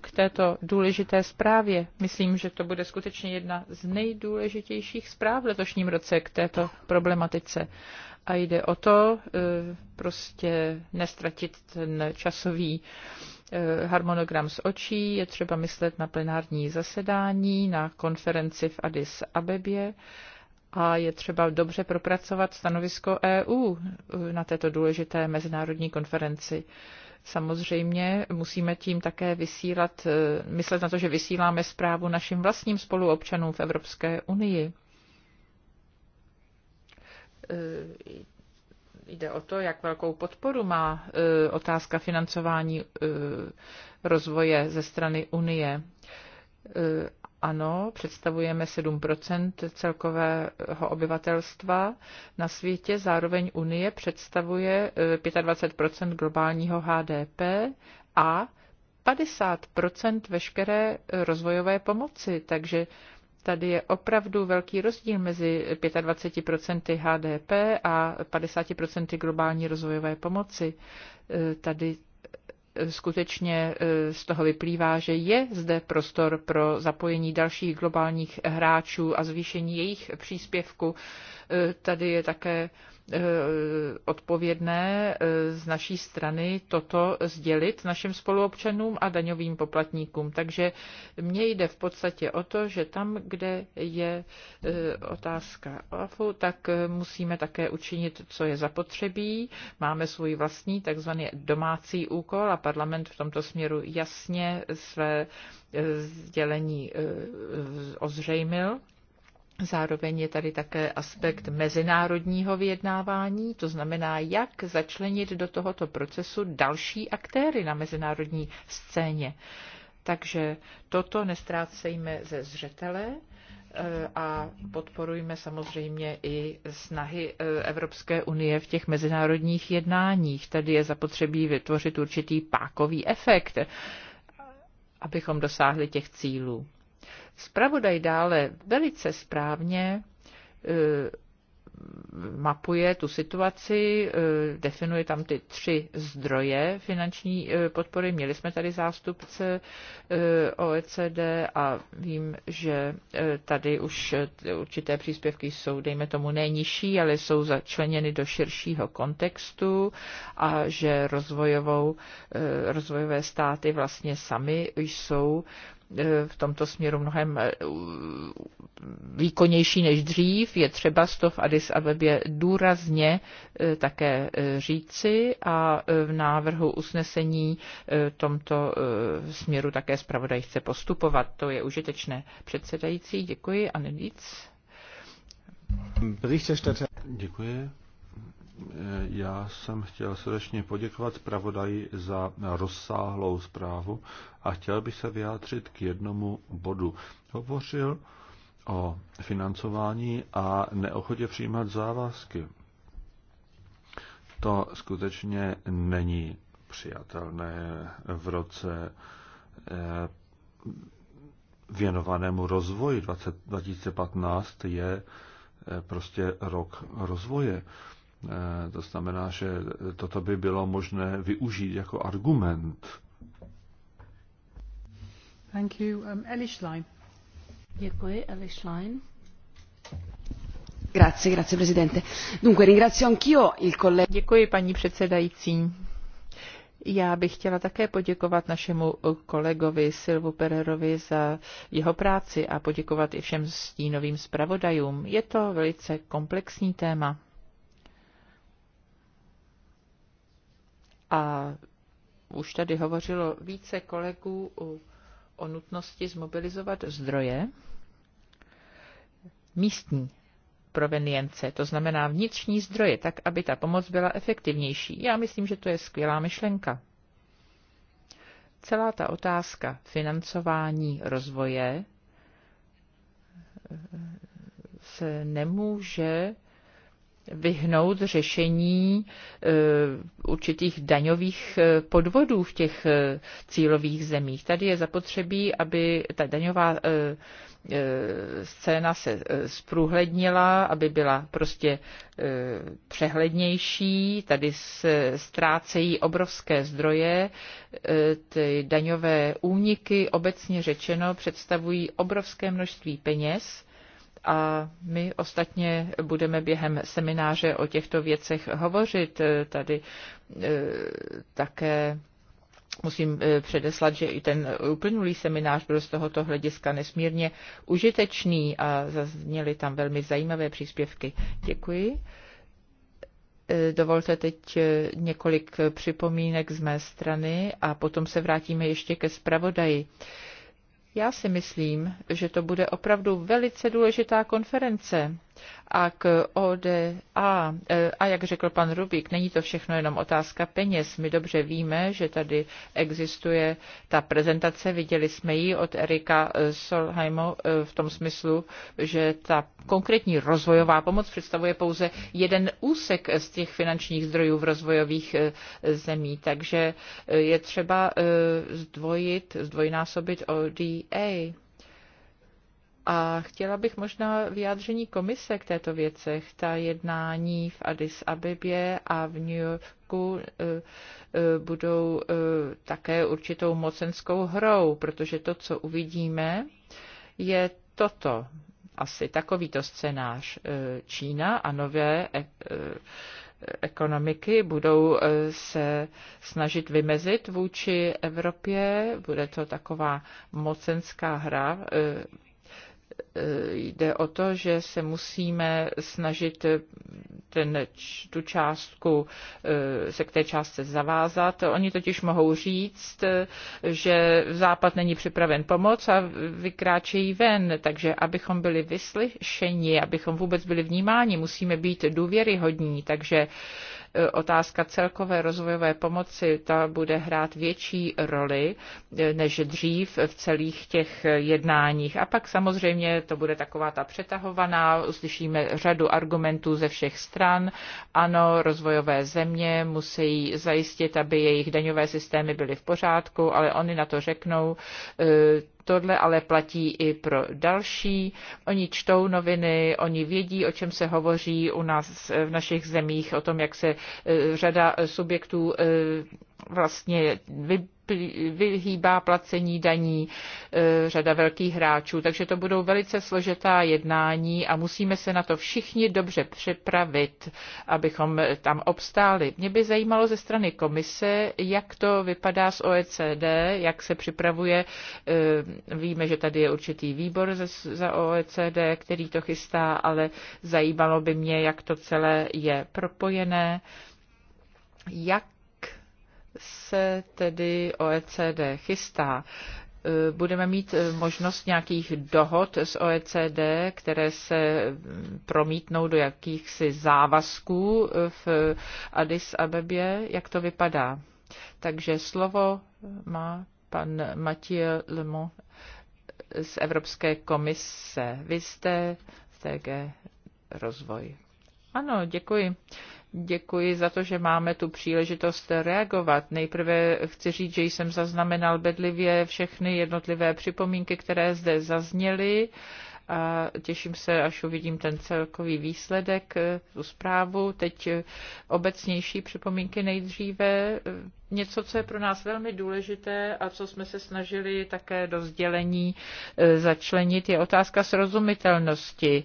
k této důležité zprávě. Myslím, že to bude skutečně jedna z nejdůležitějších zpráv v letošním roce k této problematice. A jde o to eh, prostě nestratit ten časový eh, harmonogram z očí, je třeba myslet na plenární zasedání, na konferenci v Addis Abebě a je třeba dobře propracovat stanovisko EU eh, na této důležité mezinárodní konferenci. Samozřejmě musíme tím také vysílat, eh, myslet na to, že vysíláme zprávu našim vlastním spoluobčanům v Evropské unii. Eh, jde o to, jak velkou podporu má otázka financování rozvoje ze strany Unie ano, představujeme 7 celkového obyvatelstva na světě. Zároveň Unie představuje 25 eh, globálního HDP a 50 veškeré rozvojové pomoci. Takže tady je opravdu velký rozdíl mezi 25% HDP a 50% globální rozvojové pomoci. Eh, tady skutečně e, z toho vyplývá, že je zde prostor pro zapojení dalších globálních hráčů a zvýšení jejich příspěvku E, tady je také e, odpovědné e, z naší strany toto sdělit našim spoluobčanům a daňovým poplatníkům. Takže mně jde v podstatě o to, že tam, kde je otázka OAFu, tak musíme také učinit, co je zapotřebí. Máme svůj vlastní takzvaný domácí úkol a parlament v tomto směru jasně své sdělení ozřejmil Zároveň je tady také aspekt mezinárodního vyjednávání, to znamená, jak začlenit do tohoto procesu další aktéry na mezinárodní scéně. Takže toto nestrácejme ze zřetele e, a podporujme samozřejmě i snahy e, Evropské unie v těch mezinárodních jednáních. Tady je zapotřebí vytvořit určitý pákový efekt, abychom dosáhli těch cílů. Spravodaj dále velice správně eh, mapuje tu situaci, eh, definuje tam ty tři zdroje finanční eh, podpory. Měli jsme tady zástupce OECD a vím, že tady už určité příspěvky jsou, dejme tomu, nejnižší, ale jsou začleněny do širšího kontextu a že rozvojovou, rozvojové státy vlastně sami jsou E, v tomto směru mnohem e, výkonnější než dřív. Je třeba toho v Addis Abebě důrazně e, také říci a v návrhu usnesení v tomto směru také zpravodaj chce postupovat. To je užitečné. Předsedající, děkuji a nic. Děkuji. Eh, já jsem chtěl srdečně poděkovat zpravodaji za rozsáhlou zprávu a chtěl bych se vyjádřit k jednomu bodu. Hovořil o financování a neochotě přijímat závazky. To skutečně není přijatelné v roce eh, věnovanému rozvoji. 2015 je eh, prostě rok rozvoje. Eh, to znamená, že toto by bylo možné využít jako argument. Thank you. Um, Eli Schlein. Děkuji, Eli Schlein. Grazie, grazie Presidente. Dunque, ringrazio anch'io il collega. Děkuji, paní předsedající. Já bych chtěla také poděkovat našemu kolegovi Silvu Pererovi za jeho práci a poděkovat i všem stínovým zpravodajům. Je to velice komplexní téma. A už tady hovořilo více kolegů o nutnosti zmobilizovat zdroje místní provenience, to znamená vnitřní zdroje, tak aby ta pomoc byla efektivnější. Já myslím, že to je skvělá myšlenka. Celá ta otázka financování rozvoje se nemůže vyhnout řešení eh, určitých daňových eh, podvodů v těch eh, cílových zemích. Tady je zapotřebí, aby ta daňová scéna se zprůhlednila, aby byla prostě přehlednější. Tady se ztrácejí obrovské zdroje. Ty daňové úniky, obecně řečeno, představují obrovské množství peněz a my ostatně budeme během semináře o těchto věcech hovořit. Eh, tady eh, také musím eh, předeslat, že i ten uplynulý seminář byl z tohoto hlediska nesmírně užitečný a zazněly tam velmi zajímavé příspěvky. Děkuji. Dovolte teď několik připomínek z mé strany a potom se vrátíme ještě ke zpravodaji. Já si myslím, že to bude opravdu velice důležitá konference a k ODA. E, a jak řekl pan Rubík, není to všechno jenom otázka peněz. My dobře víme, že tady existuje ta prezentace, viděli jsme ji od Erika e, Solheimu e, v tom smyslu, že ta konkrétní rozvojová pomoc představuje pouze jeden úsek z těch finančních zdrojů v rozvojových zemí. Takže je třeba zdvojit, zdvojnásobit ODA. A chtěla bych možná vyjádření komise k této věce, Ta jednání v Addis Abebě a v New Yorku eh, eh, budou eh, také určitou mocenskou hrou, protože to, co uvidíme, je toto. Asi takovýto scénář Čína a nové ekonomiky budou se snažit vymezit vůči Evropě. Bude to taková mocenská hra jde o to, že se musíme snažit ten, tu částku, eh, se k té částce zavázat. Oni totiž mohou říct, že Západ není připraven pomoc a vykráčejí ven. Takže abychom byli vyslyšeni, abychom vůbec byli vnímáni, musíme být důvěryhodní. Takže otázka celkové rozvojové pomoci, ta bude hrát větší roli eh, než dřív v celých těch jednáních. A pak samozřejmě to bude taková ta přetahovaná, uslyšíme řadu argumentů ze všech stran. Ano, rozvojové země musí zajistit, aby jejich daňové systémy byly v pořádku, ale oni na to řeknou, eh, Tohle ale platí i pro další. Oni čtou noviny, oni vědí, o čem se hovoří u nás v našich zemích, o tom, jak se eh, řada subjektů eh, vlastně vyhýbá placení daní e, řada velkých hráčů. Takže to budou velice složitá jednání a musíme se na to všichni dobře připravit, abychom tam obstáli. Mě by zajímalo ze strany komise, jak to vypadá s OECD, jak se připravuje. E, víme, že tady je určitý výbor za OECD, který to chystá, ale zajímalo by mě, jak to celé je propojené jak se tedy OECD chystá? E, budeme mít e, možnost nějakých dohod s OECD, které se promítnou do jakýchsi závazků e, v Addis Abebě. Jak to vypadá? Takže slovo má pan Mathieu Lemo z Evropské komise. Vy jste z TG Rozvoj. Ano, děkuji. Děkuji za to, že máme tu příležitost reagovat. Nejprve chci říct, že jsem zaznamenal bedlivě všechny jednotlivé připomínky, které zde zazněly a těším se, až uvidím ten celkový výsledek, eh, tu zprávu. Teď eh, obecnější připomínky nejdříve. Eh, něco, co je pro nás velmi důležité a co jsme se snažili také do sdělení začlenit, je otázka srozumitelnosti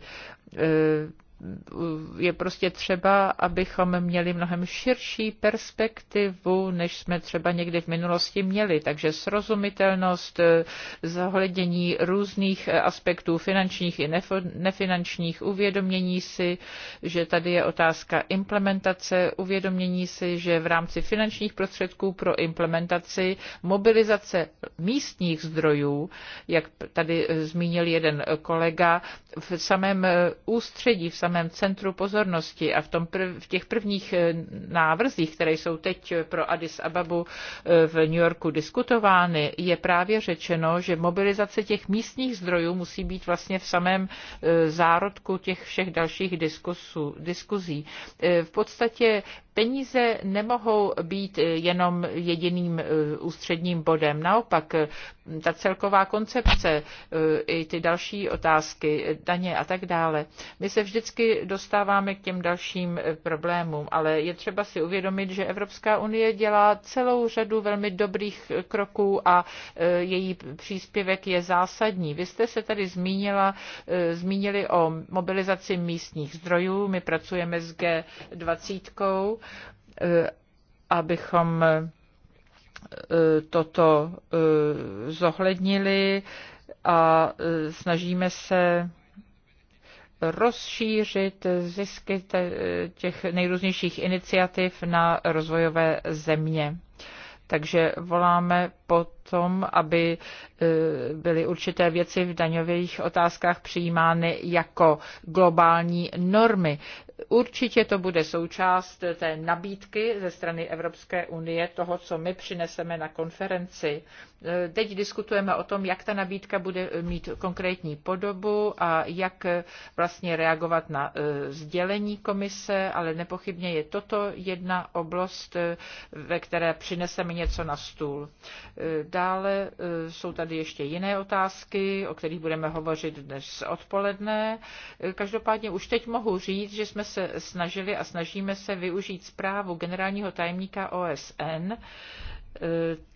je prostě třeba, abychom měli mnohem širší perspektivu, než jsme třeba někdy v minulosti měli. Takže srozumitelnost, eh, zahledění různých eh, aspektů finančních i nefinančních, uvědomění si, že tady je otázka implementace, uvědomění si, že v rámci finančních prostředků pro implementaci mobilizace místních zdrojů, jak tady eh, zmínil jeden kolega, v samém ústředí, v samém samém centru pozornosti a v, tom prv, v těch prvních eh, návrzích, které jsou teď pro Addis Ababu eh, v New Yorku diskutovány, je právě řečeno, že mobilizace těch místních zdrojů musí být vlastně v samém eh, zárodku těch všech dalších diskusů, diskuzí. V podstatě Peníze nemohou být jenom jediným eh, ústředním bodem. Naopak, eh, ta celková koncepce, eh, i ty další otázky, daně a tak dále. My se vždycky dostáváme k těm dalším problémům, ale je třeba si uvědomit, že Evropská unie dělá celou řadu velmi dobrých kroků a její příspěvek je zásadní. Vy jste se tady zmínila, zmínili o mobilizaci místních zdrojů. My pracujeme s G20 Eh, abychom eh, toto eh, zohlednili a snažíme se rozšířit zisky těch nejrůznějších iniciativ na rozvojové země. Takže voláme po tom, aby byly určité věci v daňových otázkách přijímány jako globální normy určitě to bude součást té nabídky ze strany Evropské unie toho, co my přineseme na konferenci. Teď diskutujeme o tom, jak ta nabídka bude mít konkrétní podobu a jak vlastně reagovat na e, sdělení komise, ale nepochybně je toto jedna oblast, e, ve které přineseme něco na stůl. E, dále jsou tady ještě jiné otázky, o kterých budeme hovořit dnes odpoledne. Každopádně už teď mohu říct, že jsme se snažili a snažíme se využít zprávu generálního tajemníka OSN,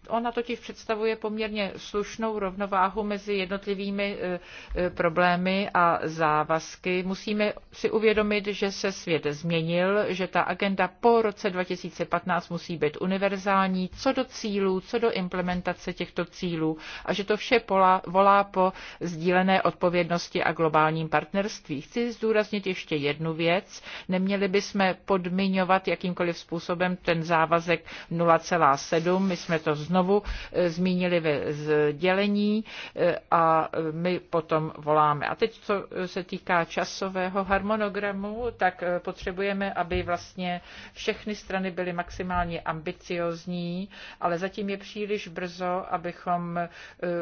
Ona totiž představuje poměrně slušnou rovnováhu mezi jednotlivými e, e, problémy a závazky. Musíme si uvědomit, že se svět změnil, že ta agenda po roce 2015 musí být univerzální co do cílů, co do implementace těchto cílů a že to vše volá po sdílené odpovědnosti a globálním partnerství. Chci zdůraznit ještě jednu věc. Neměli bychom podmiňovat jakýmkoliv způsobem ten závazek 0,7. My jsme to znovu znovu eh, zmínili ve sdělení eh, a eh, my potom voláme. A teď, co se týká časového harmonogramu, tak potřebujeme, aby vlastně všechny strany byly maximálně ambiciozní, ale zatím je příliš brzo, abychom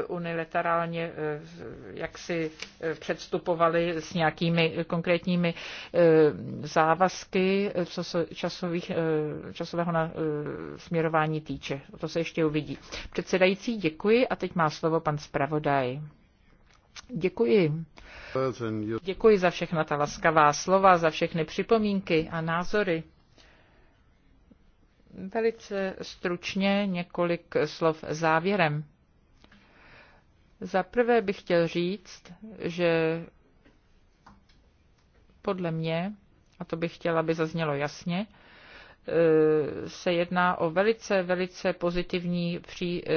unilaterálně jaksi předstupovali s nějakými konkrétními závazky, co se časových, časového směrování týče. To se ještě uvidí lidí. Předsedající, děkuji a teď má slovo pan zpravodaj. Děkuji. Děkuji za všechna ta laskavá slova, za všechny připomínky a názory. Velice stručně několik slov závěrem. Za prvé bych chtěl říct, že podle mě, a to bych chtěla, aby zaznělo jasně, Eh, se jedná o velice, velice pozitivní pří, eh,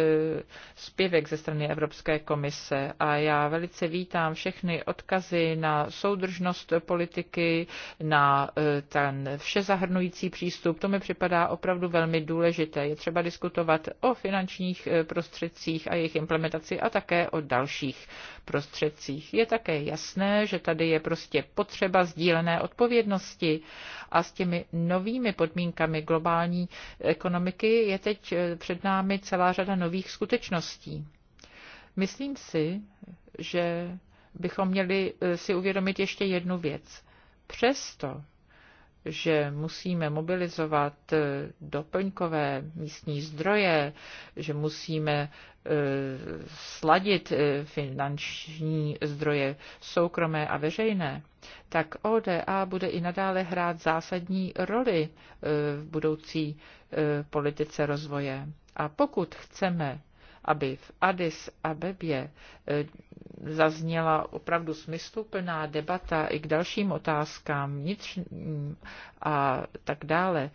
zpěvek ze strany Evropské komise a já velice vítám všechny odkazy na soudržnost politiky, na eh, ten všezahrnující přístup. To mi připadá opravdu velmi důležité. Je třeba diskutovat o finančních prostředcích a jejich implementaci a také o dalších prostředcích. Je také jasné, že tady je prostě potřeba sdílené odpovědnosti a s těmi novými podmínkami podmínkami globální ekonomiky je teď eh, před námi celá řada nových skutečností. Myslím si, že bychom měli eh, si uvědomit ještě jednu věc. Přesto, že musíme mobilizovat eh, doplňkové místní zdroje, že musíme eh, sladit eh, finanční zdroje soukromé a veřejné, tak ODA bude i nadále hrát zásadní roli v budoucí politice rozvoje. A pokud chceme aby v Addis Abebě e, zazněla opravdu smysluplná debata i k dalším otázkám vnitřním a tak dále,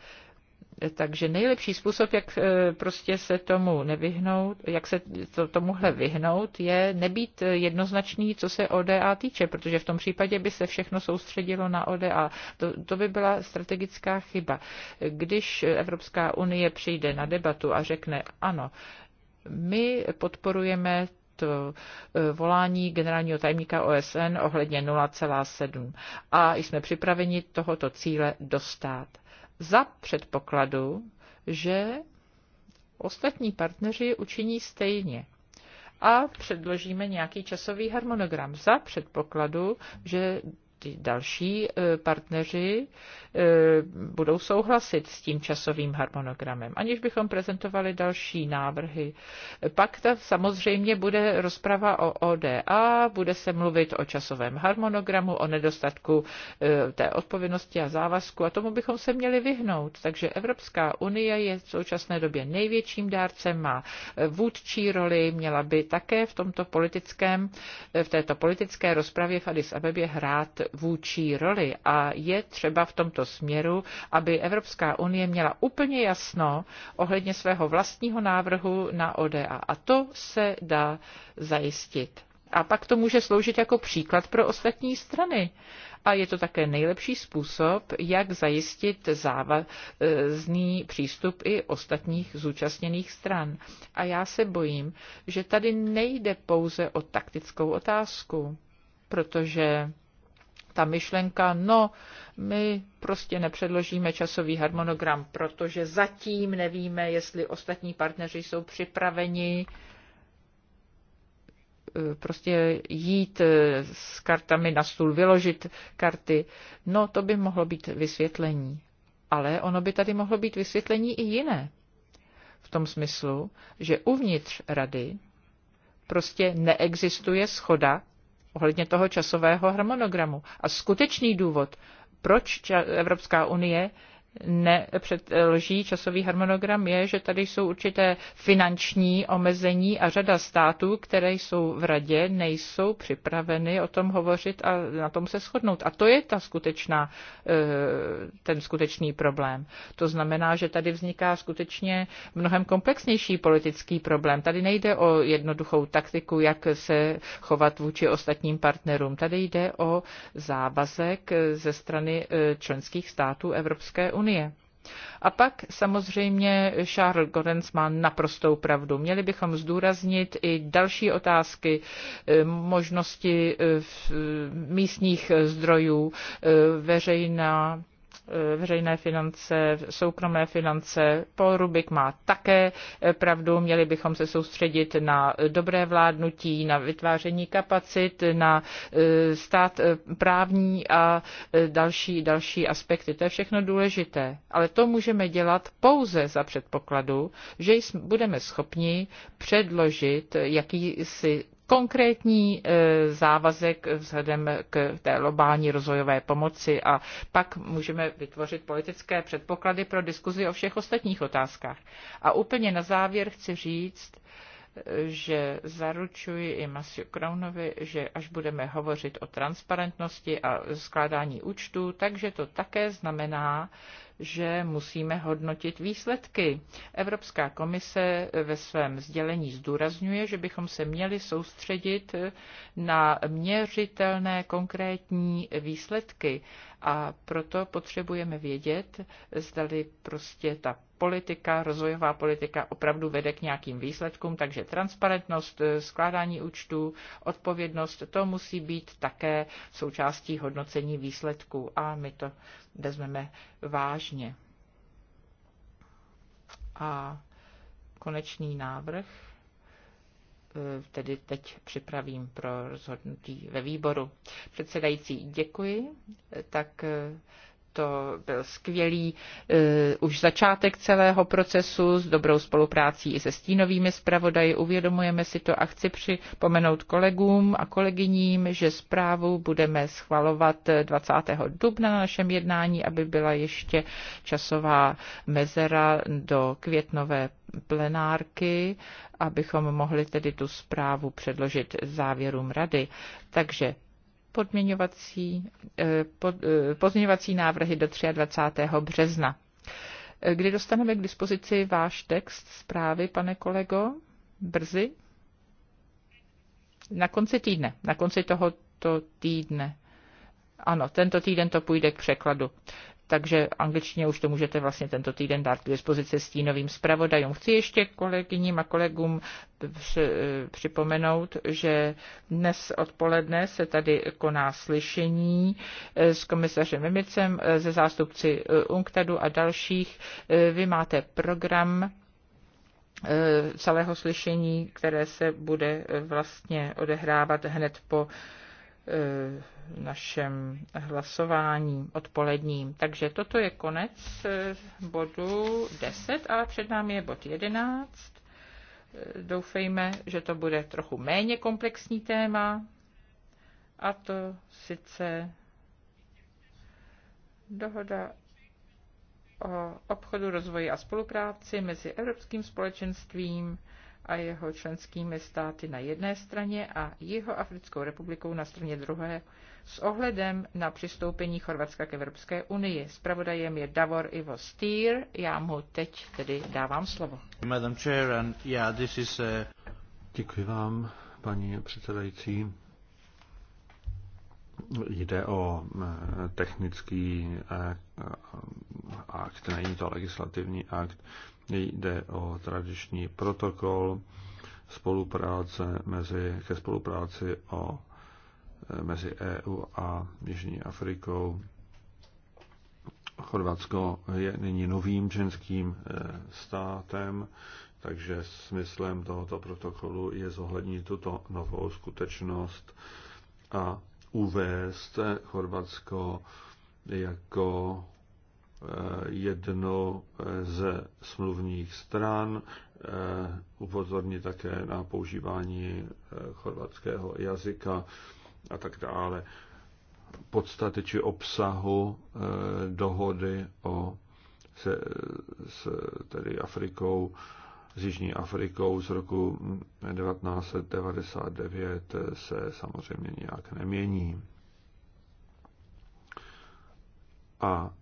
takže nejlepší způsob, jak e, prostě se tomu nevyhnout, jak se to, tomuhle vyhnout, je nebýt jednoznačný, co se ODA týče, protože v tom případě by se všechno soustředilo na ODA. To, to by byla strategická chyba. Když Evropská unie přijde na debatu a řekne, ano, my podporujeme to e, volání generálního tajemníka OSN ohledně 0,7 a jsme připraveni tohoto cíle dostat. Za předpokladu, že ostatní partneři učiní stejně a předložíme nějaký časový harmonogram za předpokladu, že ty další e, partneři e, budou souhlasit s tím časovým harmonogramem, aniž bychom prezentovali další návrhy. Pak ta samozřejmě bude rozprava o ODA, bude se mluvit o časovém harmonogramu, o nedostatku e, té odpovědnosti a závazku a tomu bychom se měli vyhnout. Takže Evropská unie je v současné době největším dárcem, má vůdčí roli, měla by také v tomto politickém, v této politické rozpravě v Addis Abebě hrát vůči roli a je třeba v tomto směru, aby Evropská unie měla úplně jasno ohledně svého vlastního návrhu na ODA. A to se dá zajistit. A pak to může sloužit jako příklad pro ostatní strany. A je to také nejlepší způsob, jak zajistit závazný přístup i ostatních zúčastněných stran. A já se bojím, že tady nejde pouze o taktickou otázku, protože ta myšlenka, no, my prostě nepředložíme časový harmonogram, protože zatím nevíme, jestli ostatní partneři jsou připraveni eh, prostě jít eh, s kartami na stůl, vyložit karty. No, to by mohlo být vysvětlení. Ale ono by tady mohlo být vysvětlení i jiné. V tom smyslu, že uvnitř rady prostě neexistuje schoda ohledně toho časového harmonogramu. A skutečný důvod, proč Evropská unie nepředloží eh, časový harmonogram, je, že tady jsou určité finanční omezení a řada států, které jsou v radě, nejsou připraveny o tom hovořit a na tom se shodnout. A to je ta skutečná, eh, ten skutečný problém. To znamená, že tady vzniká skutečně mnohem komplexnější politický problém. Tady nejde o jednoduchou taktiku, jak se chovat vůči ostatním partnerům. Tady jde o závazek eh, ze strany členských států Evropské unie unie. A pak samozřejmě Charles Gorens má naprostou pravdu. Měli bychom zdůraznit i další otázky eh, možnosti eh, eh, místních zdrojů, veřejná veřejné finance, soukromé finance. Paul Rubik má také pravdu, měli bychom se soustředit na dobré vládnutí, na vytváření kapacit, na e, stát e, právní a e, další, další aspekty. To je všechno důležité, ale to můžeme dělat pouze za předpokladu, že budeme schopni předložit jakýsi konkrétní e, závazek vzhledem k té globální rozvojové pomoci a pak můžeme vytvořit politické předpoklady pro diskuzi o všech ostatních otázkách. A úplně na závěr chci říct, že zaručuji i Masiu Crownovi, že až budeme hovořit o transparentnosti a skládání účtů, takže to také znamená, že musíme hodnotit výsledky. Evropská komise ve svém sdělení zdůrazňuje, že bychom se měli soustředit na měřitelné konkrétní výsledky a proto potřebujeme vědět, zdali prostě ta politika, rozvojová politika opravdu vede k nějakým výsledkům, takže transparentnost, eh, skládání účtů, odpovědnost, to musí být také součástí hodnocení výsledků a my to vezmeme vážně. A konečný návrh eh, tedy teď připravím pro rozhodnutí ve výboru. Předsedající, děkuji. Tak eh, to byl skvělý uh, už začátek celého procesu s dobrou spoluprácí i se stínovými zpravodaji. Uvědomujeme si to a chci připomenout kolegům a kolegyním, že zprávu budeme schvalovat 20. dubna na našem jednání, aby byla ještě časová mezera do květnové plenárky, abychom mohli tedy tu zprávu předložit závěrům rady. Takže podměňovací, eh, eh, pozměňovací návrhy do 23. března. Eh, kdy dostaneme k dispozici váš text zprávy, pane kolego? Brzy? Na konci týdne, na konci tohoto týdne. Ano, tento týden to půjde k překladu takže angličtině už to můžete vlastně tento týden dát k dispozici s novým zpravodajům. Chci ještě kolegyním a kolegům připomenout, že dnes odpoledne se tady koná slyšení eh, s komisařem Mimicem, ze eh, zástupci eh, UNCTADu a dalších. Vy máte program celého slyšení, které se bude vlastně odehrávat hned po Eh, našem hlasování odpoledním. Takže toto je konec eh, bodu 10, ale před námi je bod 11. Eh, doufejme, že to bude trochu méně komplexní téma, a to sice dohoda o obchodu, rozvoji a spolupráci mezi Evropským společenstvím a jeho členskými státy na jedné straně a jeho Africkou republikou na straně druhé s ohledem na přistoupení Chorvatska k Evropské unii. Spravodajem je Davor Ivo Stier, já mu teď tedy dávám slovo. Madam Chair, and yeah, this is a... Uh, Děkuji vám, paní předsedající. Jde o eh, technický eh, eh, akt, není to legislativní akt. Jde o tradiční protokol spolupráce mezi, ke spolupráci o, e, mezi EU a Jižní Afrikou. Chorvatsko je nyní novým ženským e, státem, takže smyslem tohoto protokolu je zohlednit tuto novou skutečnost a uvést Chorvatsko jako Eh, jedno eh, ze smluvních stran, eh, upozorní také na používání chorvatského jazyka a tak dále. Podstaty či obsahu dohody o se, s tedy Afrikou, s Jižní Afrikou z roku 1999 se samozřejmě nějak nemění. A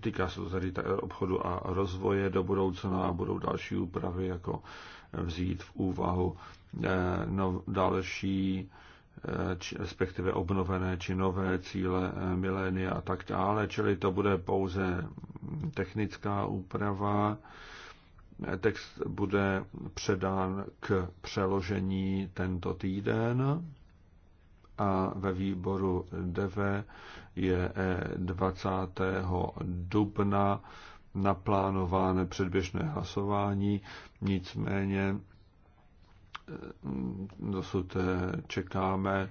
týká se to tady obchodu a rozvoje do budoucna a budou další úpravy, jako vzít v úvahu eh, no, další, eh, či, respektive obnovené či nové cíle eh, milénia a tak dále, čili to bude pouze technická úprava. Text bude předán k přeložení tento týden a ve výboru DV je 20. Eh, dubna naplánováno předběžné hlasování, nicméně eh, dosud eh, čekáme,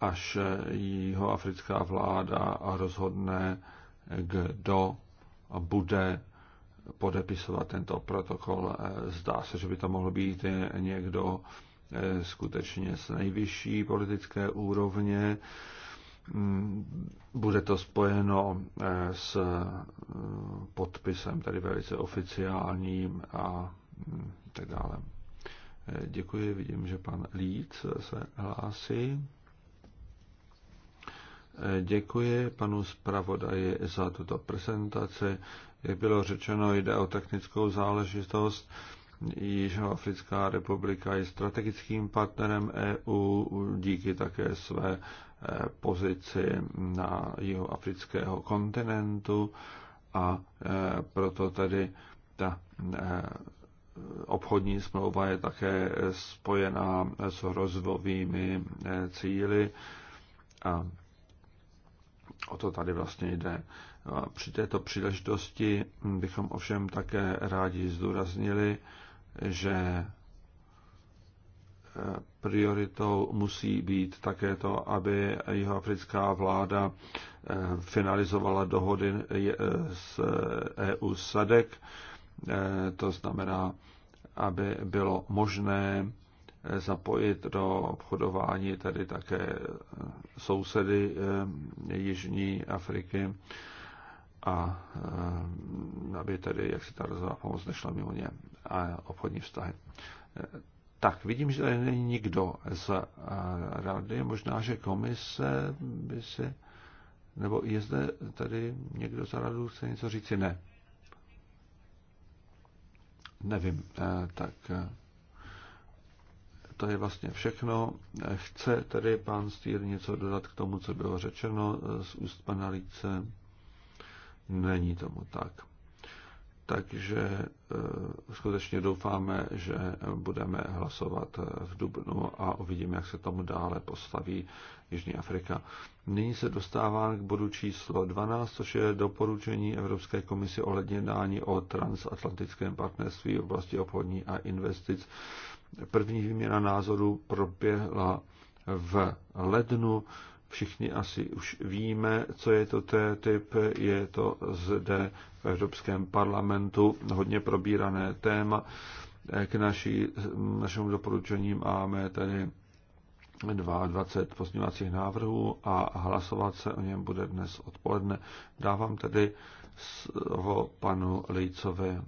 až jeho africká vláda rozhodne, kdo bude podepisovat tento protokol. Zdá se, že by to mohl být někdo Eh, skutečně z nejvyšší politické úrovně. Mm, bude to spojeno eh, s eh, podpisem, tady velice oficiálním a mm, tak dále. Děkuji, vidím, že pan Líc se hlásí. Děkuji panu zpravodaji za tuto prezentaci. Jak bylo řečeno, jde o technickou záležitost. Jižoafrická republika je strategickým partnerem EU díky také své eh, pozici na jihoafrického kontinentu a eh, proto tedy ta eh, obchodní smlouva je také spojená s rozvojovými cíly a o to tady vlastně jde. Při této příležitosti bychom ovšem také rádi zdůraznili, že eh, prioritou musí být také to, aby jihoafrická vláda eh, finalizovala dohody eh, s EU e sadek. to znamená, aby bylo možné zapojit do obchodování tedy také sousedy Jižní Afriky a e, aby tedy, jak se ta rozvojová pomoc nešla mimo ně a obchodní vztahy. E, tak, vidím, že tady není nikdo z e, rady, možná, že komise by si, nebo je zde tady někdo za radu, chce něco říci? Ne. Nevím, tak to je vlastně všechno. Chce tedy pán Stýr něco dodat k tomu, co bylo řečeno z úst pana Líce? Není tomu tak. Takže eh, skutečně doufáme, že budeme hlasovat eh, v Dubnu a uvidíme, jak se tomu dále postaví Jižní Afrika. Nyní se dostávám k bodu číslo 12, což je doporučení Evropské komisi ohledně dání o transatlantickém partnerství v oblasti obchodní a investic. První výměna názorů proběhla v lednu Všichni asi už víme, co je to TTIP. Je to zde v Evropském parlamentu hodně probírané téma. K naší, našemu doporučení máme tady 22 pozměňovacích návrhů a hlasovat se o něm bude dnes odpoledne. Dávám tedy slovo panu Lejcovi.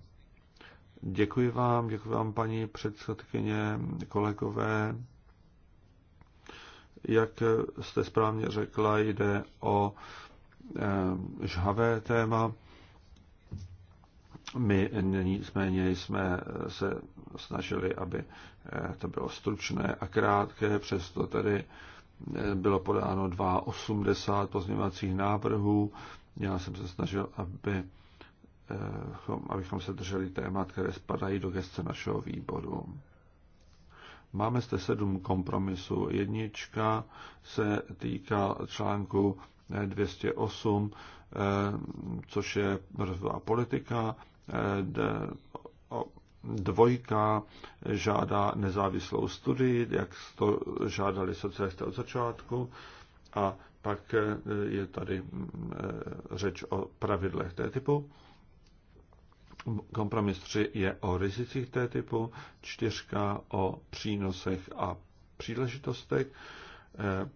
Děkuji vám, děkuji vám paní předsedkyně, kolegové. Jak jste správně řekla, jde o eh, žhavé téma. My nicméně jsme se snažili, aby eh, to bylo stručné a krátké, přesto tedy eh, bylo podáno 280 pozměvacích návrhů. Já jsem se snažil, aby, abychom se drželi témat, které spadají do gestce našeho výboru. Máme zde sedm kompromisů. Jednička se týká článku 208, eh, což je rozvojová politika. Eh, dvojka žádá nezávislou studii, jak to žádali socialisté od začátku. A pak eh, je tady mm, řeč o pravidlech té typu kompromis 3 je o rizicích té typu, 4 o přínosech a příležitostech,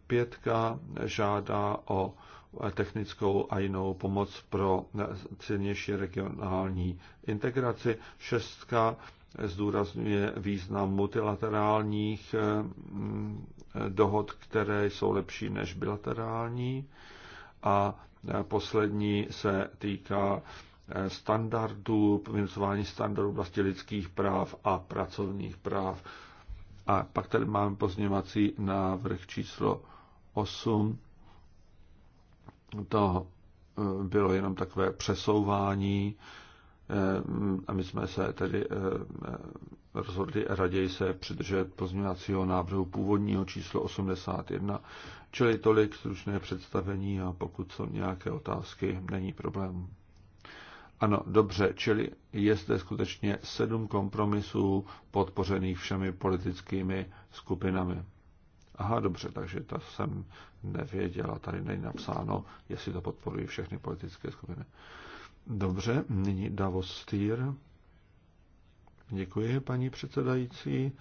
5 eh, žádá o technickou a jinou pomoc pro silnější regionální integraci, 6 zdůrazňuje význam multilaterálních eh, mm, dohod, které jsou lepší než bilaterální a eh, poslední se týká Eh, standardů, vynucování standardů vlastně lidských práv a pracovních práv. A pak tady máme pozněvací návrh číslo 8. To eh, bylo jenom takové přesouvání eh, a my jsme se tedy rozhodli raději se přidržet pozměňovacího návrhu původního číslo 81, čili tolik stručné představení a pokud jsou nějaké otázky, není problém. Ano, dobře, čili je zde skutečně sedm kompromisů podpořených všemi politickými skupinami. Aha, dobře, takže to jsem nevěděla, tady není napsáno, jestli to podporují všechny politické skupiny. Dobře, nyní Davos Stýr. Děkuji, paní předsedající.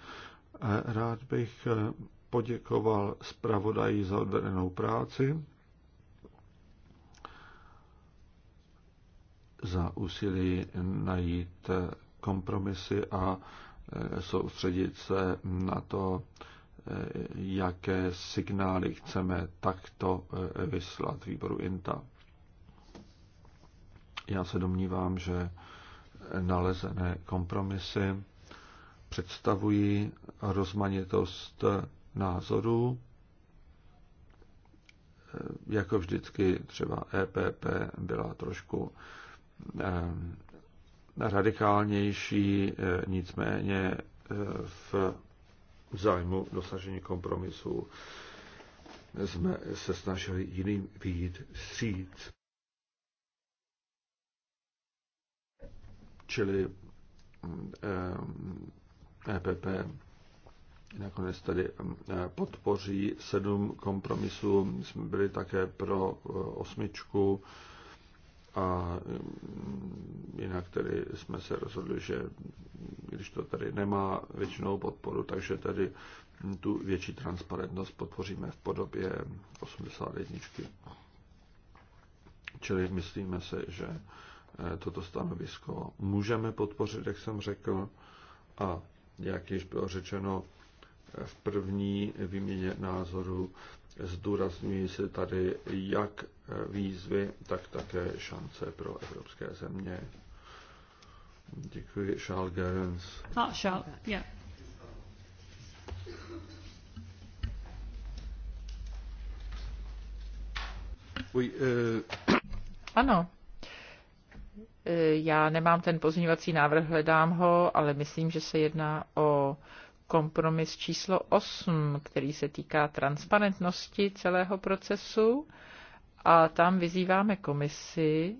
Eh, rád bych eh, poděkoval zpravodaji za odvedenou práci za úsilí najít kompromisy a e, soustředit se na to, e, jaké signály chceme takto e, vyslat výboru INTA. Já se domnívám, že nalezené kompromisy představují rozmanitost názorů, jako vždycky třeba EPP byla trošku Eh, radikálnější, eh, nicméně eh, v zájmu dosažení kompromisu jsme se snažili jiným výjít stříc. Čili EPP e nakonec tady podpoří sedm kompromisů. Jsme byli také pro osmičku a mm, jinak tedy jsme se rozhodli, že když to tady nemá většinou podporu, takže tady tu větší transparentnost podpoříme v podobě 81. Čili myslíme se, že e, toto stanovisko můžeme podpořit, jak jsem řekl, a jak již bylo řečeno v první výměně názoru, zdůrazňuji se tady, jak výzvy, tak také šance pro evropské země. Děkuji, Charles Gerens. Ah, Charles, yeah. Oui, euh, Ano. E, já nemám ten pozměňovací návrh, hledám ho, ale myslím, že se jedná o kompromis číslo 8, který se týká transparentnosti celého procesu. Uh, a tam vyzýváme komisi,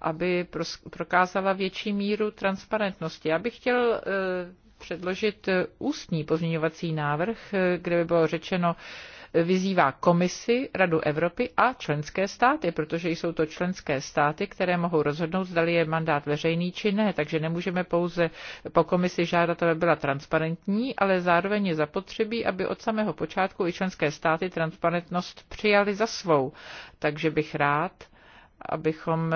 aby prokázala větší míru transparentnosti. Já bych chtěl e, předložit ústní pozměňovací návrh, e, kde by bylo řečeno, vyzývá komisi, Radu Evropy a členské státy, protože jsou to členské státy, které mohou rozhodnout, zda je mandát veřejný či ne. Takže nemůžeme pouze po komisi žádat, aby byla transparentní, ale zároveň je zapotřebí, aby od samého počátku i členské státy transparentnost přijali za svou. Takže bych rád, abychom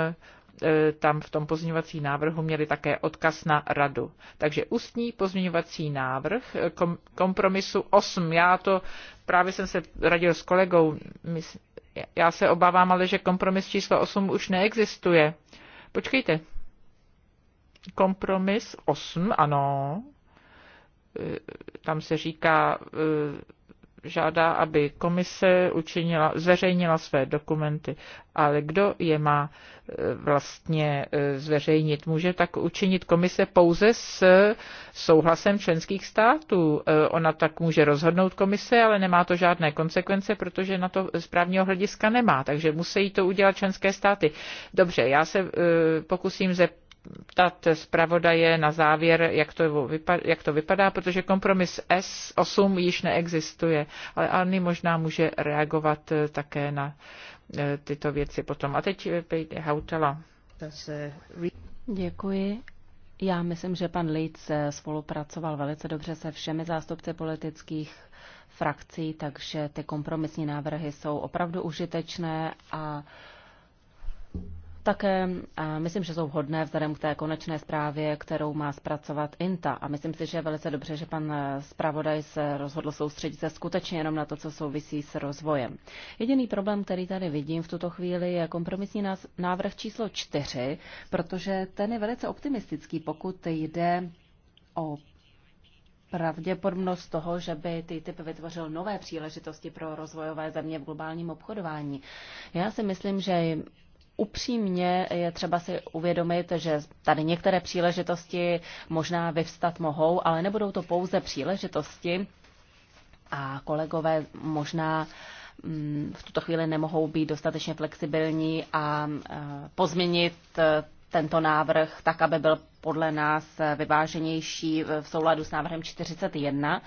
E, tam v tom pozměňovací návrhu měli také odkaz na radu. Takže ústní pozměňovací návrh e, kompromisu 8. Já to právě jsem se radil s kolegou. Já se obávám ale, že kompromis číslo 8 už neexistuje. Počkejte. Kompromis 8, ano. E, tam se říká žádá, aby komise učinila, zveřejnila své dokumenty, ale kdo je má e, vlastně e, zveřejnit? Může tak učinit komise pouze s souhlasem členských států. E, ona tak může rozhodnout komise, ale nemá to žádné konsekvence, protože na to správního hlediska nemá, takže musí to udělat členské státy. Dobře, já se pokusím zeptat, ptat zpravodaje na závěr, jak to, vypadá, jak to vypadá, protože kompromis S8 již neexistuje, ale Anny možná může reagovat eh, také na eh, tyto věci potom. A teď eh, Pejde Hautala. Děkuji. Já myslím, že pan Leitz spolupracoval velice dobře se všemi zástupci politických frakcí, takže ty kompromisní návrhy jsou opravdu užitečné a také myslím, že jsou vhodné vzhledem k té konečné zprávě, kterou má zpracovat INTA. A myslím si, že je velice dobře, že pan zpravodaj se rozhodl soustředit se skutečně jenom na to, co souvisí s rozvojem. Jediný problém, který tady vidím v tuto chvíli, je kompromisní návrh číslo čtyři, protože ten je velice optimistický, pokud jde o pravděpodobnost toho, že by TTIP vytvořil nové příležitosti pro rozvojové země v globálním obchodování. Já si myslím, že upřímně je třeba si uvědomit, že tady některé příležitosti možná vyvstat mohou, ale nebudou to pouze příležitosti a kolegové možná mm, v tuto chvíli nemohou být dostatečně flexibilní a e, pozměnit e, tento návrh tak, aby byl podle nás e, vyváženější v souladu s návrhem 41.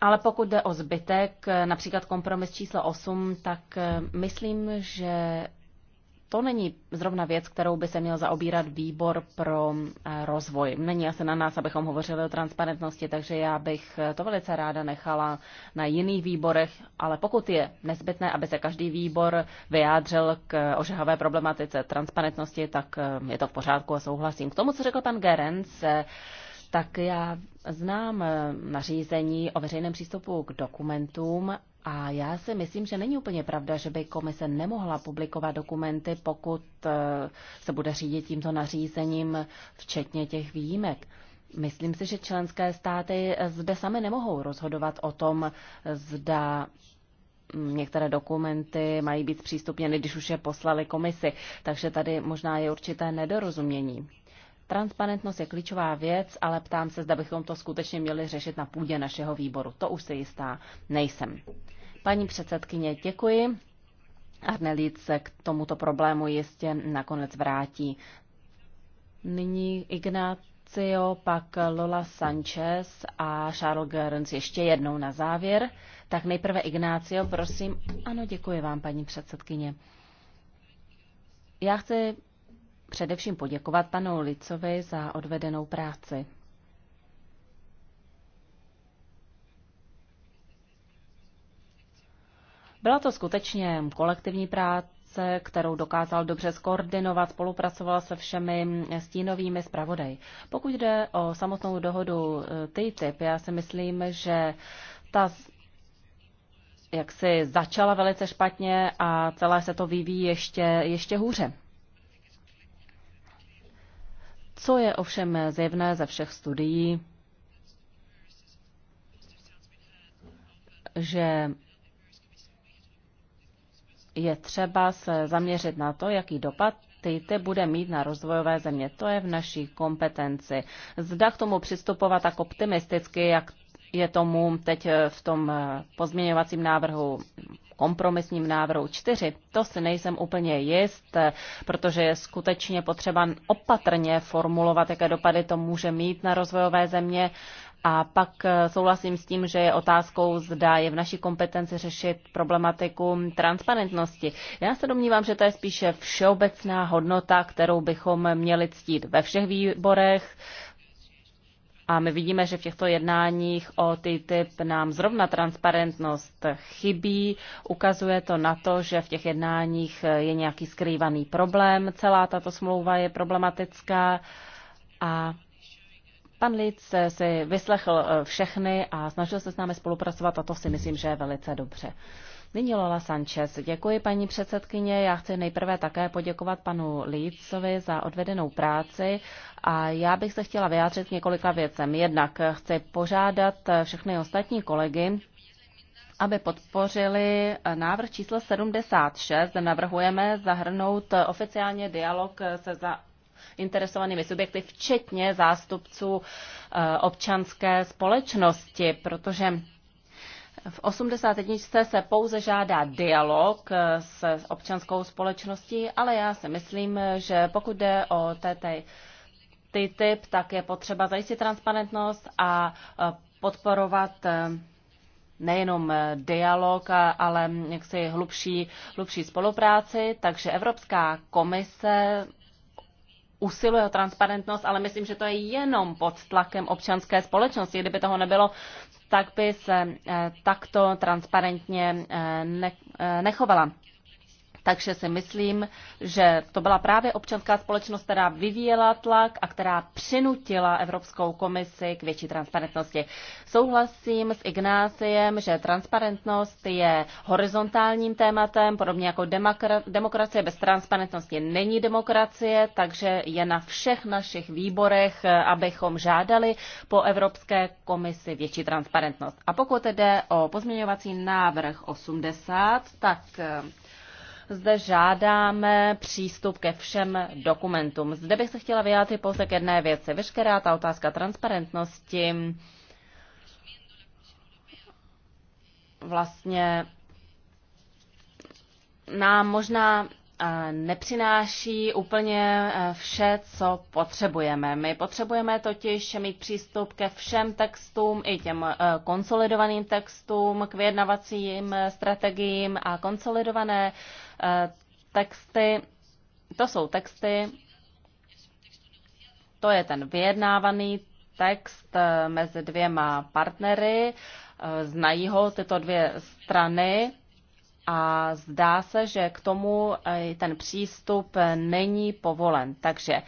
Ale pokud jde o zbytek, například kompromis číslo 8, tak eh, myslím, že to není zrovna věc, kterou by se měl zaobírat výbor pro eh, rozvoj. Není asi na nás, abychom hovořili o transparentnosti, takže já bych eh, to velice ráda nechala na jiných výborech, ale pokud je nezbytné, aby se každý výbor vyjádřil k ožehavé problematice transparentnosti, tak je to v pořádku a souhlasím. K tomu, co řekl pan Gerenc, tak já znám eh, nařízení o veřejném přístupu k dokumentům a já si myslím, že není úplně pravda, že by komise nemohla publikovat dokumenty, pokud eh, se bude řídit tímto nařízením, včetně těch výjimek. Myslím si, že členské státy zde sami nemohou rozhodovat o tom, zda mm, některé dokumenty mají být přístupněny, když už je poslali komisi. Takže tady možná je určité nedorozumění. Transparentnost je klíčová věc, ale ptám se, zda bychom to skutečně měli řešit na půdě našeho výboru. To už se jistá nejsem. Paní předsedkyně, děkuji. Arnelíc se k tomuto problému jistě nakonec vrátí. Nyní Ignacio, pak Lola Sanchez a Charles Gerns ještě jednou na závěr. Tak nejprve Ignacio, prosím. Ano, děkuji vám, paní předsedkyně. Já chci především poděkovat panu Licovi za odvedenou práci. Byla to skutečně kolektivní práce, kterou dokázal dobře skoordinovat, spolupracoval se všemi stínovými zpravodaj. Pokud jde o samotnou dohodu e, TTIP, já si myslím, že ta jak si začala velice špatně a celé se to vyvíjí ještě, ještě hůře. Co je ovšem zjevné ze všech studií, že je třeba se zaměřit na to, jaký dopad TTIP bude mít na rozvojové země. To je v naší kompetenci. Zda k tomu přistupovat tak optimisticky, jak je tomu teď eh, v tom eh, pozměňovacím návrhu kompromisním návrhu 4. To si nejsem úplně jist, eh, protože je skutečně potřeba opatrně formulovat, jaké dopady to může mít na rozvojové země. A pak souhlasím s tím, že je otázkou, zda je v naší kompetenci řešit problematiku transparentnosti. Já se domnívám, že to je spíše všeobecná hodnota, kterou bychom měli ctít ve všech výborech, a my vidíme, že v těchto jednáních o TTIP nám zrovna transparentnost chybí. Ukazuje to na to, že v těch jednáních je nějaký skrývaný problém. Celá tato smlouva je problematická a Pan Lic si vyslechl všechny a snažil se s námi spolupracovat a to si myslím, že je velice dobře. Nyní Lola Sanchez. Děkuji, paní předsedkyně. Já chci nejprve také poděkovat panu Lícovi za odvedenou práci a já bych se chtěla vyjádřit několika věcem. Jednak chci požádat všechny ostatní kolegy, aby podpořili návrh číslo 76. Navrhujeme zahrnout oficiálně dialog se za interesovanými subjekty, včetně zástupců eh, občanské společnosti, protože v 81. se pouze žádá dialog s občanskou společností, ale já si myslím, že pokud jde o typ, tak je potřeba zajistit transparentnost a e, podporovat e, nejenom dialog, ale jaksi hlubší, hlubší spolupráci. Takže Evropská komise usiluje o transparentnost, ale myslím, že to je jenom pod tlakem občanské společnosti. Kdyby toho nebylo, tak by se eh, takto transparentně eh, eh, nechovala. Takže si myslím, že to byla právě občanská společnost, která vyvíjela tlak a která přinutila Evropskou komisi k větší transparentnosti. Souhlasím s Ignáciem, že transparentnost je horizontálním tématem, podobně jako demokracie. Bez transparentnosti není demokracie, takže je na všech našich výborech, abychom žádali po Evropské komisi větší transparentnost. A pokud jde o pozměňovací návrh 80, tak zde žádáme přístup ke všem dokumentům. Zde bych se chtěla vyjádřit pouze k jedné věci. Veškerá ta otázka transparentnosti vlastně nám možná nepřináší úplně e, vše, co potřebujeme. My potřebujeme totiž mít přístup ke všem textům, i těm e, konsolidovaným textům, k vyjednavacím e, strategiím a konsolidované texty. To jsou texty, to je ten vyjednávaný text mezi dvěma partnery, znají ho tyto dvě strany a zdá se, že k tomu e, ten přístup není povolen. Takže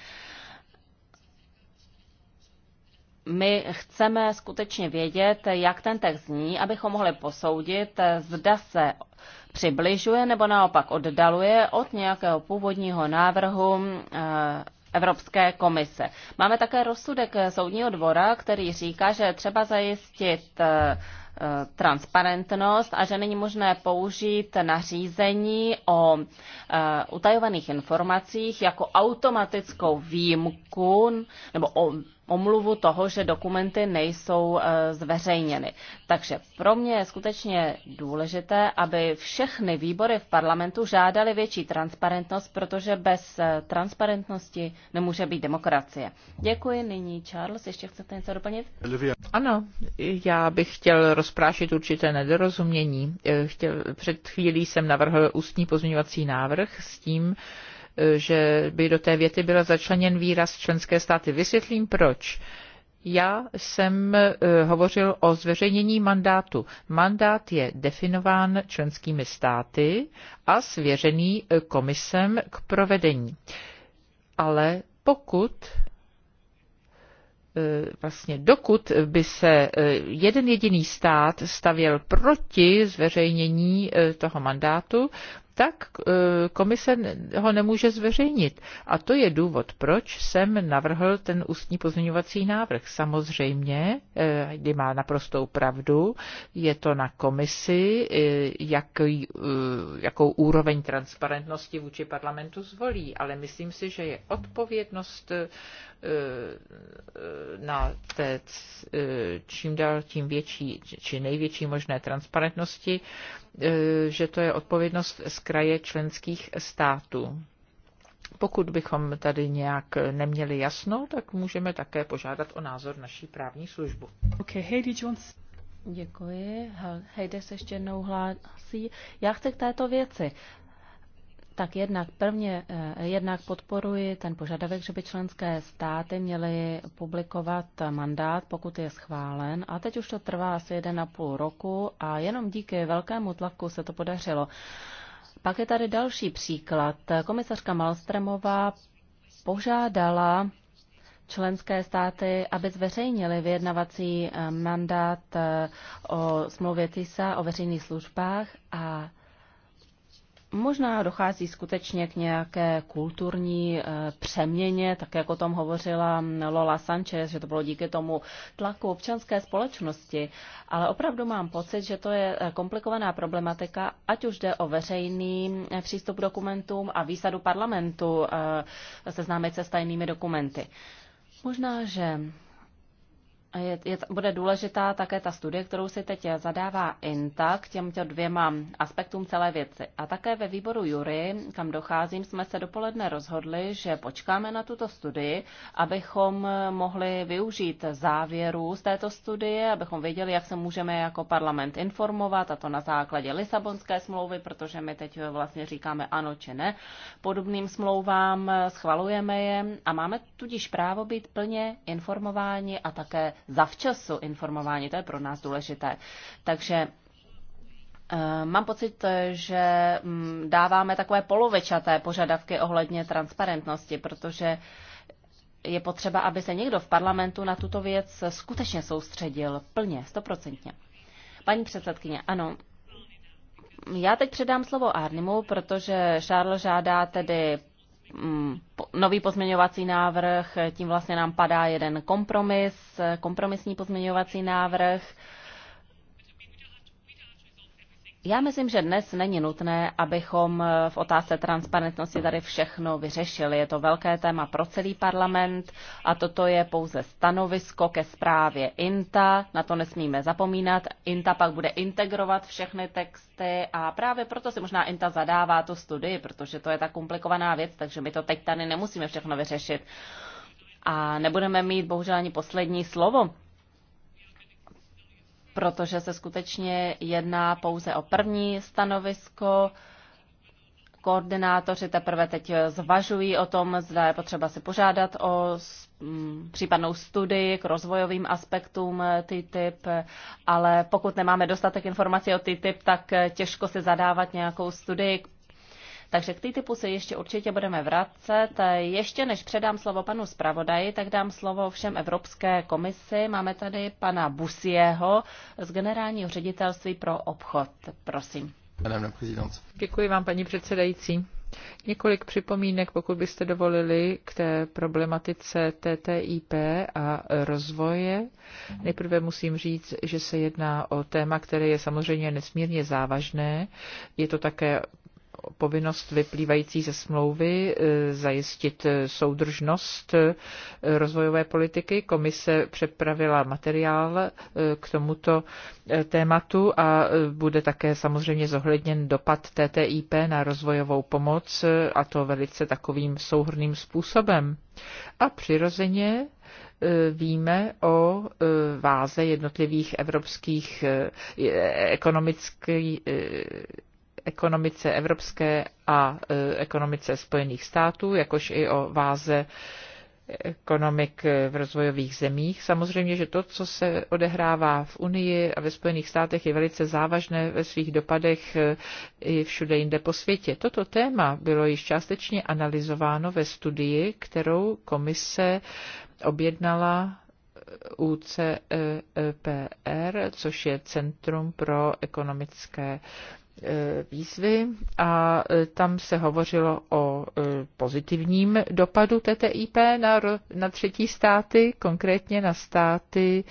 my chceme skutečně vědět, jak ten text zní, abychom mohli posoudit, zda se přibližuje nebo naopak oddaluje od nějakého původního návrhu e, Evropské komise. Máme také rozsudek Soudního dvora, který říká, že třeba zajistit e, Eh, transparentnost a že není možné použít nařízení o eh, utajovaných informacích jako automatickou výjimku nebo o omluvu toho, že dokumenty nejsou eh, zveřejněny. Takže pro mě je skutečně důležité, aby všechny výbory v parlamentu žádaly větší transparentnost, protože bez eh, transparentnosti nemůže být demokracie. Děkuji. Nyní Charles, ještě chcete něco doplnit? Ano, já bych chtěl rozprášit určité nedorozumění. Eh, chtěl, před chvílí jsem navrhl ústní pozměňovací návrh s tím, že by do té věty byl začleněn výraz členské státy. Vysvětlím proč. Já jsem eh, hovořil o zveřejnění mandátu. Mandát je definován členskými státy a svěřený eh, komisem k provedení. Ale pokud eh, vlastně dokud by se jeden jediný stát stavěl proti zveřejnění toho mandátu, tak eh, komise ho nemůže zveřejnit. A to je důvod, proč jsem navrhl ten ústní pozměňovací návrh. Samozřejmě, eh, kdy má naprostou pravdu, je to na komisi, eh, jak, jakou úroveň transparentnosti vůči parlamentu zvolí, ale myslím si, že je odpovědnost na té čím dál tím větší či největší možné transparentnosti E, že to je odpovědnost z kraje členských států. Pokud bychom tady nějak neměli jasno, tak můžeme také požádat o názor naší právní službu. Okay, Heidi Jones. Děkuji. Hejde se ještě jednou hlásí. Já chci k této věci tak jednak prvně, eh, jednak podporuji ten požadavek, že by členské státy měly publikovat mandát, pokud je schválen. A teď už to trvá asi jeden a půl roku a jenom díky velkému tlaku se to podařilo. Pak je tady další příklad. Komisařka Malstremová požádala členské státy, aby zveřejnili vyjednavací eh, mandát eh, o smlouvě TISA o veřejných službách a Možná dochází skutečně k nějaké kulturní eh, přeměně, tak jako o tom hovořila Lola Sanchez, že to bylo díky tomu tlaku občanské společnosti, ale opravdu mám pocit, že to je eh, komplikovaná problematika, ať už jde o veřejný eh, přístup k dokumentům a výsadu parlamentu seznámit se s tajnými dokumenty. Možná, že je, je, bude důležitá také ta studie, kterou si teď zadává INTA k těmto dvěma aspektům celé věci. A také ve výboru Jury, kam docházím, jsme se dopoledne rozhodli, že počkáme na tuto studii, abychom mohli využít závěrů z této studie, abychom věděli, jak se můžeme jako parlament informovat, a to na základě Lisabonské smlouvy, protože my teď vlastně říkáme ano či ne. Podobným smlouvám schvalujeme je a máme tudíž právo být plně informováni a také zavčasu informováni, to je pro nás důležité. Takže eh, Mám pocit, že mm, dáváme takové polovečaté požadavky ohledně transparentnosti, protože je potřeba, aby se někdo v parlamentu na tuto věc skutečně soustředil plně, stoprocentně. Paní předsedkyně, ano, já teď předám slovo Arnimu, protože Charles žádá tedy Mm, nový pozměňovací návrh, tím vlastně nám padá jeden kompromis, kompromisní pozměňovací návrh já myslím, že dnes není nutné, abychom eh, v otázce transparentnosti tady všechno vyřešili. Je to velké téma pro celý parlament a toto je pouze stanovisko ke zprávě INTA. Na to nesmíme zapomínat. INTA pak bude integrovat všechny texty a právě proto si možná INTA zadává tu studii, protože to je ta komplikovaná věc, takže my to teď tady nemusíme všechno vyřešit. A nebudeme mít bohužel ani poslední slovo protože se skutečně jedná pouze o první stanovisko. Koordinátoři teprve teď zvažují o tom, zda je potřeba si požádat o případnou studii k rozvojovým aspektům eh, TTIP, eh, ale pokud nemáme dostatek informací o TTIP, tak eh, těžko si zadávat nějakou studii k takže k TTIPu se ještě určitě budeme vracet. Ještě než předám slovo panu zpravodaji, tak dám slovo všem Evropské komisi. Máme tady pana Busieho z Generálního ředitelství pro obchod. Prosím. Děkuji vám, paní předsedající. Několik připomínek, pokud byste dovolili, k té problematice TTIP a rozvoje. Nejprve musím říct, že se jedná o téma, které je samozřejmě nesmírně závažné. Je to také povinnost vyplývající ze smlouvy e, zajistit e, soudržnost e, rozvojové politiky. Komise přepravila materiál k tomuto tématu a bude také samozřejmě zohledněn dopad TTIP na rozvojovou pomoc a to velice takovým souhrným způsobem. A přirozeně víme o váze jednotlivých evropských ekonomických ekonomice evropské a e, ekonomice Spojených států, jakož i o váze ekonomik v rozvojových zemích. Samozřejmě, že to, co se odehrává v Unii a ve Spojených státech, je velice závažné ve svých dopadech e, i všude jinde po světě. Toto téma bylo již částečně analyzováno ve studii, kterou komise objednala UCEPR, což je Centrum pro ekonomické E, výzvy a e, tam se hovořilo o e, pozitivním dopadu TTIP na, na třetí státy, konkrétně na státy,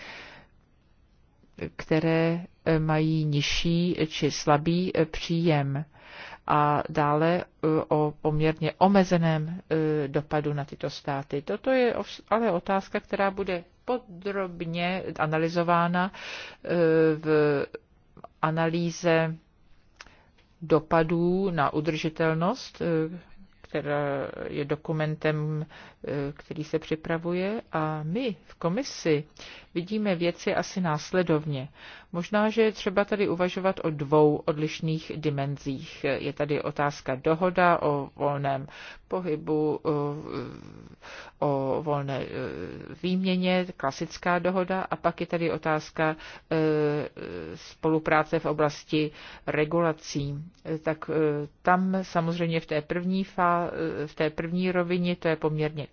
které mají nižší či slabý příjem a dále o poměrně omezeném dopadu na tyto státy. Toto je ale otázka, která bude podrobně analyzována v analýze dopadů na udržitelnost, eh, která je dokumentem, eh, který se připravuje. A my v komisi vidíme věci asi následovně. Možná, že je třeba tady uvažovat o dvou odlišných dimenzích. Je tady otázka dohoda o volném pohybu, o volné e, výměně, klasická dohoda, a pak je tady otázka e, spolupráce v oblasti regulací. E, tak tam samozřejmě v té první, fa, v té první rovině to je poměrně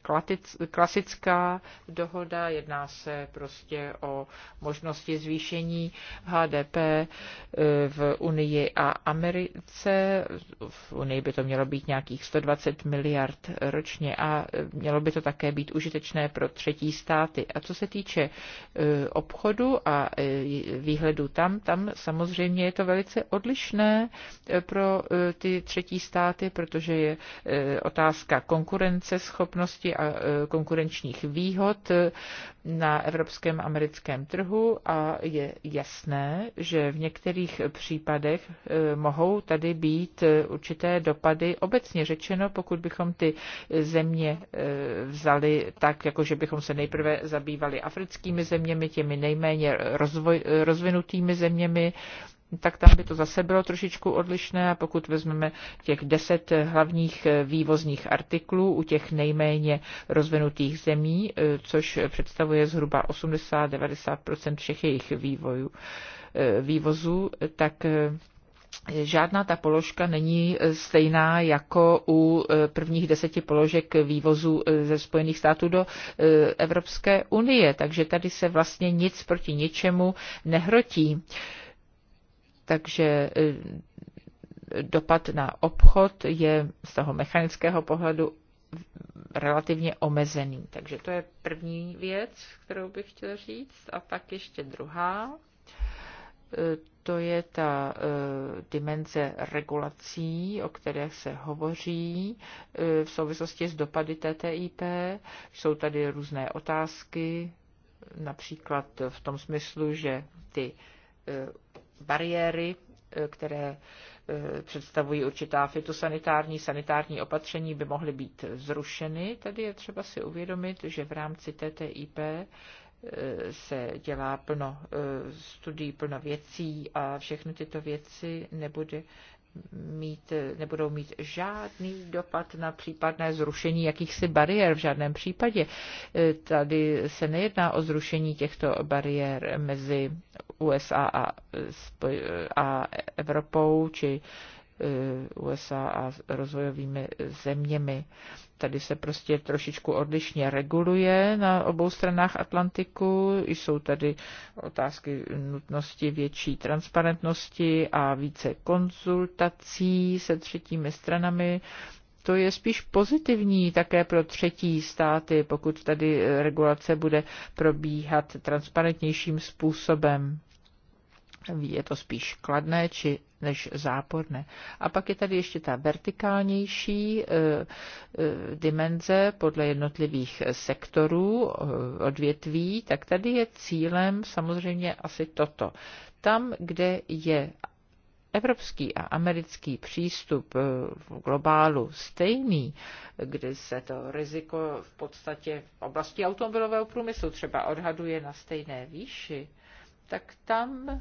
klasická dohoda, jedná se prostě prostě o možnosti zvýšení HDP eh, v Unii a Americe. V Unii by to mělo být nějakých 120 miliard ročně a eh, mělo by to také být užitečné pro třetí státy. A co se týče eh, obchodu a výhledu tam, tam samozřejmě je to velice odlišné pro ty třetí státy, protože je otázka konkurence schopnosti a konkurenčních výhod na evropském americkém trhu a je jasné, že v některých případech eh, mohou tady být eh, určité dopady. Obecně řečeno, pokud bychom ty eh, země vzali tak, jako že bychom se nejprve zabývali africkými zeměmi, těmi nejméně rozvoj, rozvinutými zeměmi, tak tam by to zase bylo trošičku odlišné. A pokud vezmeme těch deset hlavních vývozních artiklů u těch nejméně rozvinutých zemí, eh, což představuje zhruba 80-90 všech jejich vývojů, eh, vývozů, tak eh, žádná ta položka není stejná jako u prvních deseti položek vývozu ze Spojených států do Evropské unie, takže tady se vlastně nic proti ničemu nehrotí. Takže e, dopad na obchod je z toho mechanického pohledu relativně omezený. Takže to je první věc, kterou bych chtěl říct. A pak ještě druhá, e, to je ta e, dimenze regulací, o které se hovoří v souvislosti s dopady TTIP. Jsou tady různé otázky, například v tom smyslu, že ty bariéry, e, které e, představují určitá fitosanitární, sanitární opatření, by mohly být zrušeny. Tady je třeba si uvědomit, že v rámci TTIP e, se dělá plno studií, plno věcí a všechny tyto věci nebude mít, nebudou mít žádný dopad na případné zrušení jakýchsi bariér v žádném případě. Tady se nejedná o zrušení těchto bariér mezi USA a, a Evropou, či e, USA a rozvojovými zeměmi. Tady se prostě trošičku odlišně reguluje na obou stranách Atlantiku. Jsou tady otázky nutnosti větší transparentnosti a více konzultací se třetími stranami. To je spíš pozitivní také pro třetí státy, pokud tady regulace bude probíhat transparentnějším způsobem je to spíš kladné či než záporné. A pak je tady ještě ta vertikálnější e, e, dimenze podle jednotlivých sektorů, e, odvětví, tak tady je cílem samozřejmě asi toto. Tam, kde je evropský a americký přístup v globálu stejný, kdy se to riziko v podstatě v oblasti automobilového průmyslu třeba odhaduje na stejné výši, tak tam eh,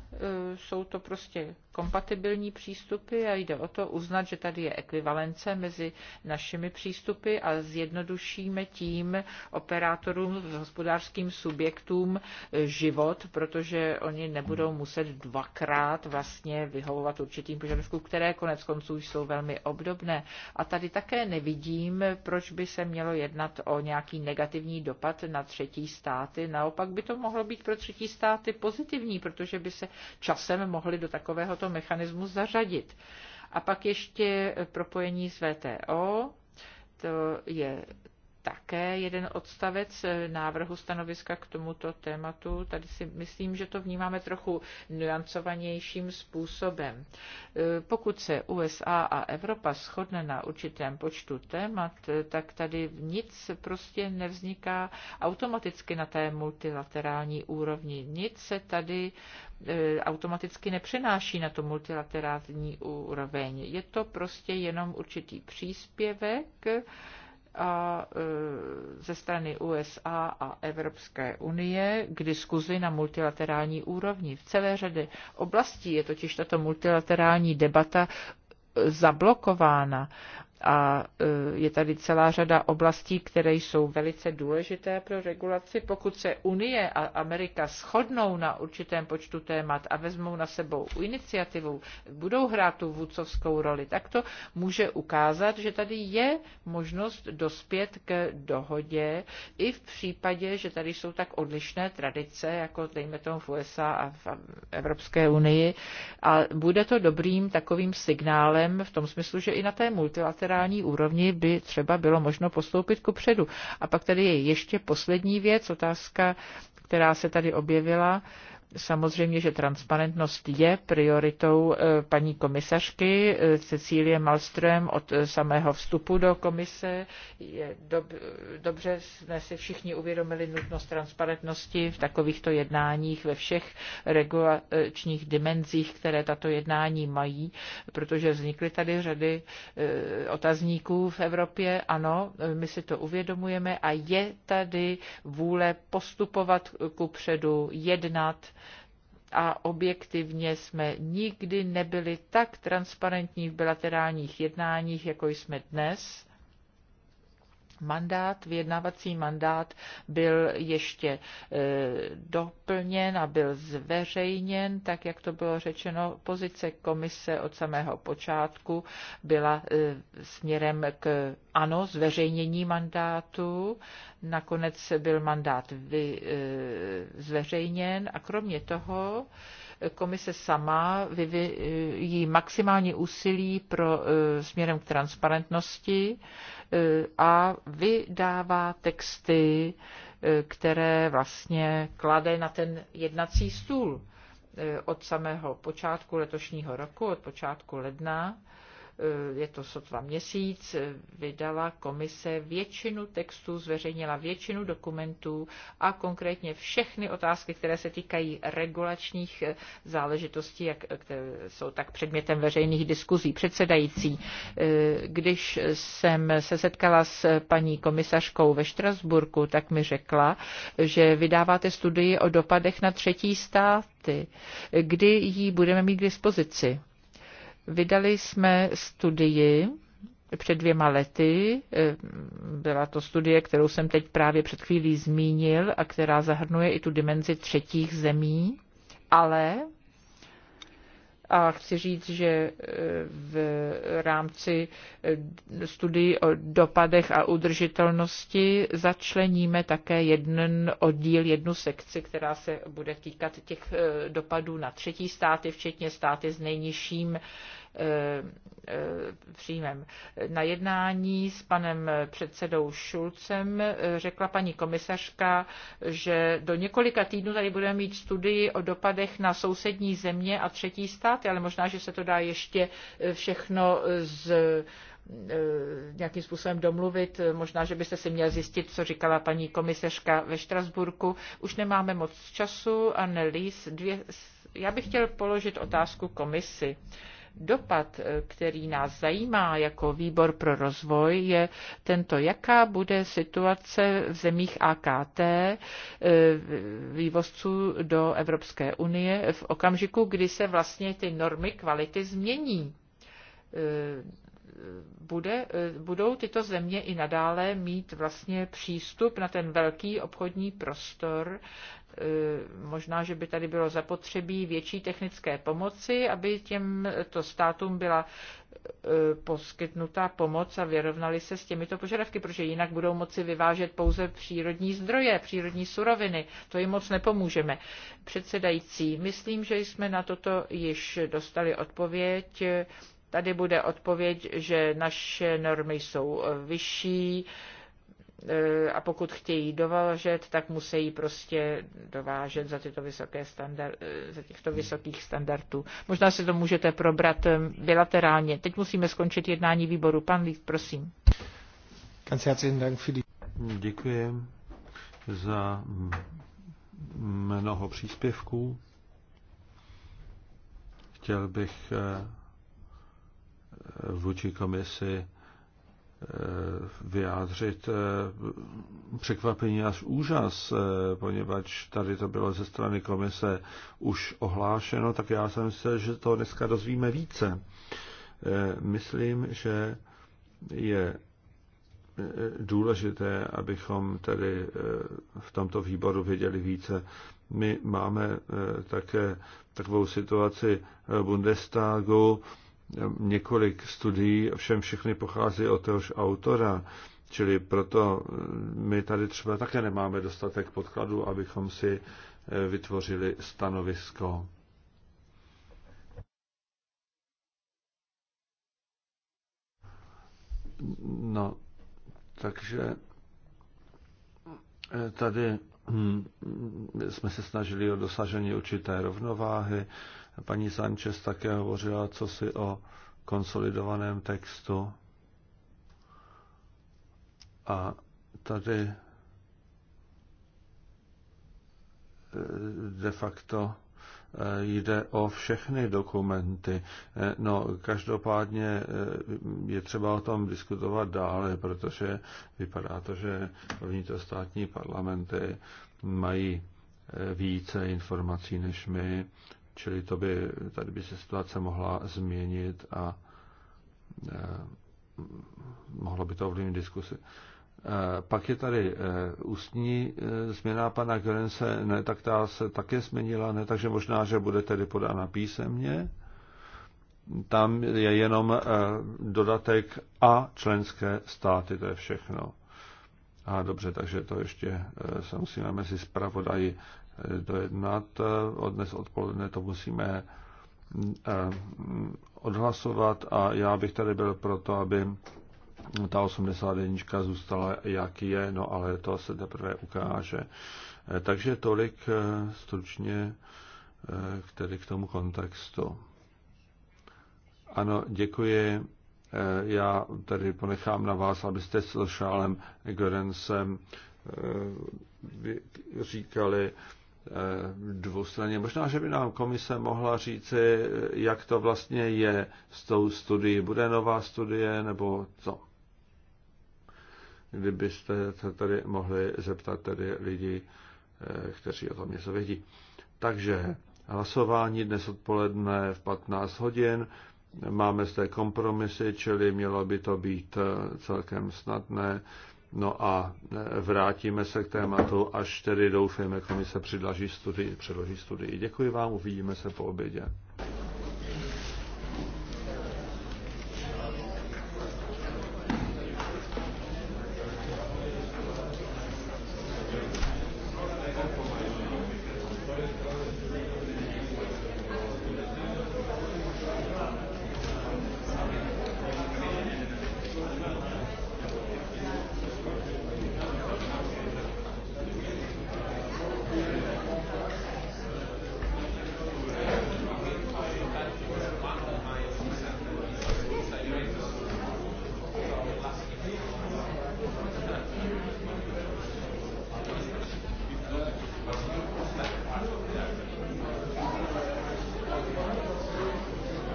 jsou to prostě kompatibilní přístupy a jde o to uznat, že tady je ekvivalence mezi našimi přístupy a zjednodušíme tím operátorům, hospodářským subjektům e, život, protože oni nebudou muset dvakrát vlastně vyhovovat určitým požadavkům, které konec konců jsou velmi obdobné. A tady také nevidím, proč by se mělo jednat o nějaký negativní dopad na třetí státy. Naopak by to mohlo být pro třetí státy pozitivní, protože by se časem mohli do takovéhoto tento mechanismus zařadit. A pak ještě propojení s VTO, to je také jeden odstavec eh, návrhu stanoviska k tomuto tématu. Tady si myslím, že to vnímáme trochu nuancovanějším způsobem. Eh, pokud se USA a Evropa shodne na určitém počtu témat, eh, tak tady nic prostě nevzniká automaticky na té multilaterální úrovni. Nic se tady automaticky nepřenáší na to multilaterální úroveň. Je to prostě jenom určitý příspěvek, a e, ze strany USA a Evropské unie k diskuzi na multilaterální úrovni. V celé řadě oblastí je totiž tato multilaterální debata e, zablokována a e, je tady celá řada oblastí, které jsou velice důležité pro regulaci. Pokud se Unie a Amerika shodnou na určitém počtu témat a vezmou na sebou iniciativu, budou hrát tu vůcovskou roli, tak to může ukázat, že tady je možnost dospět k dohodě i v případě, že tady jsou tak odlišné tradice, jako dejme tomu v USA a v Evropské unii. A bude to dobrým takovým signálem v tom smyslu, že i na té multilaterální bilaterální úrovni by třeba bylo možno postoupit ku předu. A pak tady je ještě poslední věc, otázka, která se tady objevila, Samozřejmě, že transparentnost je prioritou eh, paní komisařky eh, Cecílie Malström od eh, samého vstupu do komise. Je dob, dobře jsme si všichni uvědomili nutnost transparentnosti v takovýchto jednáních ve všech regulačních dimenzích, které tato jednání mají, protože vznikly tady řady otazníků v Evropě. Ano, my si to uvědomujeme a je tady vůle postupovat ku předu, jednat, a objektivně jsme nikdy nebyli tak transparentní v bilaterálních jednáních, jako jsme dnes mandát, vyjednávací mandát byl ještě e, doplněn a byl zveřejněn, tak jak to bylo řečeno, pozice komise od samého počátku byla e, směrem k ano, zveřejnění mandátu. Nakonec byl mandát vy, e, zveřejněn a kromě toho, Komise sama vyvíjí maximální úsilí pro, e, směrem k transparentnosti e, a vydává texty, e, které vlastně klade na ten jednací stůl od samého počátku letošního roku, od počátku ledna Eh, je to sotva měsíc, eh, vydala komise většinu textů, zveřejnila většinu dokumentů a konkrétně všechny otázky, které se týkají regulačních eh, záležitostí, jak, které jsou tak předmětem veřejných diskuzí. Předsedající, když jsem se setkala s paní komisařkou ve Štrasburku, tak mi řekla, že vydáváte studii o dopadech na třetí státy. Kdy ji budeme mít k dispozici? Vydali jsme studii před dvěma lety. E, byla to studie, kterou jsem teď právě před chvílí zmínil a která zahrnuje i tu dimenzi třetích zemí, ale a chci říct, že e, v rámci e, studií o dopadech a udržitelnosti začleníme také jeden oddíl, jednu sekci, která se bude týkat těch dopadů na třetí státy, včetně státy s nejnižším Eh, eh, příjmem. Na jednání s panem předsedou Šulcem eh, řekla paní komisařka, že do několika týdnů tady budeme mít studii o dopadech na sousední země a třetí státy, ale možná, že se to dá ještě všechno z nějakým způsobem domluvit. Možná, že byste si měl zjistit, co říkala paní komisařka ve Štrasburku. Už nemáme moc času. Annelies, dvě... já bych chtěl položit otázku komisi. Uh, Dopad, eh, který nás zajímá jako výbor pro rozvoj, je tento, jaká bude situace v zemích AKT eh, vývozců do Evropské unie v okamžiku, kdy se vlastně ty normy kvality změní eh, bude, budou tyto země i nadále mít vlastně přístup na ten velký obchodní prostor, Eh, možná, že by tady bylo zapotřebí větší technické pomoci, aby těmto státům byla eh, poskytnutá pomoc a vyrovnali se s těmito požadavky, protože jinak budou moci vyvážet pouze přírodní zdroje, přírodní suroviny. To jim moc nepomůžeme. Předsedající, myslím, že jsme na toto již dostali odpověď. Tady bude odpověď, že naše normy jsou eh, vyšší, Eh, a pokud chtějí dovážet, tak musí prostě dovážet za, tyto vysoké standard, eh, za těchto vysokých standardů. Možná se to můžete probrat eh, bilaterálně. Teď musíme skončit jednání výboru. Pan Lík, prosím. Děkuji za mnoho příspěvků. Chtěl bych vůči komisi vyjádřit eh, překvapení až úžas, eh, poněvadž tady to bylo ze strany komise už ohlášeno, tak já jsem se, že to dneska dozvíme více. Eh, myslím, že je důležité, abychom tedy v tomto výboru věděli více. My máme také takovou situaci Bundestagu, několik studií, všem všechny pochází od téhož autora, čili proto eh, my tady třeba také nemáme dostatek podkladů, abychom si eh, vytvořili stanovisko. No, takže eh, tady hm, jsme se snažili o dosažení určité rovnováhy. Paní Sanchez také hovořila co si o konsolidovaném textu. A tady eh, de facto eh, jde o všechny dokumenty. Eh, no, každopádně je třeba o tom diskutovat dále, protože vypadá to, že vnitrostátní parlamenty mají více informací než my Čili to by, tady by se situace mohla změnit a eh, mohlo by to ovlivnit diskusi. Eh, pak je tady eh, ústní eh, změna pana Gerense, ne, tak ta se také změnila, ne, takže možná, že bude tedy podána písemně. Tam je jenom dodatek a členské státy, to je všechno. A dobře, takže to ještě se musíme mezi zpravodaji dojednat. Eh, od dnes odpoledne to musíme eh, odhlasovat a já bych tady byl proto, aby ta 81 zůstala jak je, no ale to se teprve ukáže. Eh, takže tolik stručně k, k tomu kontextu. Ano, děkuji. Já tady ponechám na vás, abyste s Šálem Gorensem říkali, Eh, dvoustranně. Možná, že by nám komise mohla říci, eh, jak to vlastně je s tou studií. Bude nová studie nebo co? Kdybyste se tady mohli zeptat tedy lidi, eh, kteří o tom něco vědí. Takže hlasování dnes odpoledne v 15 hodin. Máme zde kompromisy, čili mělo by to být celkem snadné. No a e, vrátíme se k tématu, až tedy doufejme, komise se studii. Předloží studii. Děkuji vám, uvidíme se po obědě.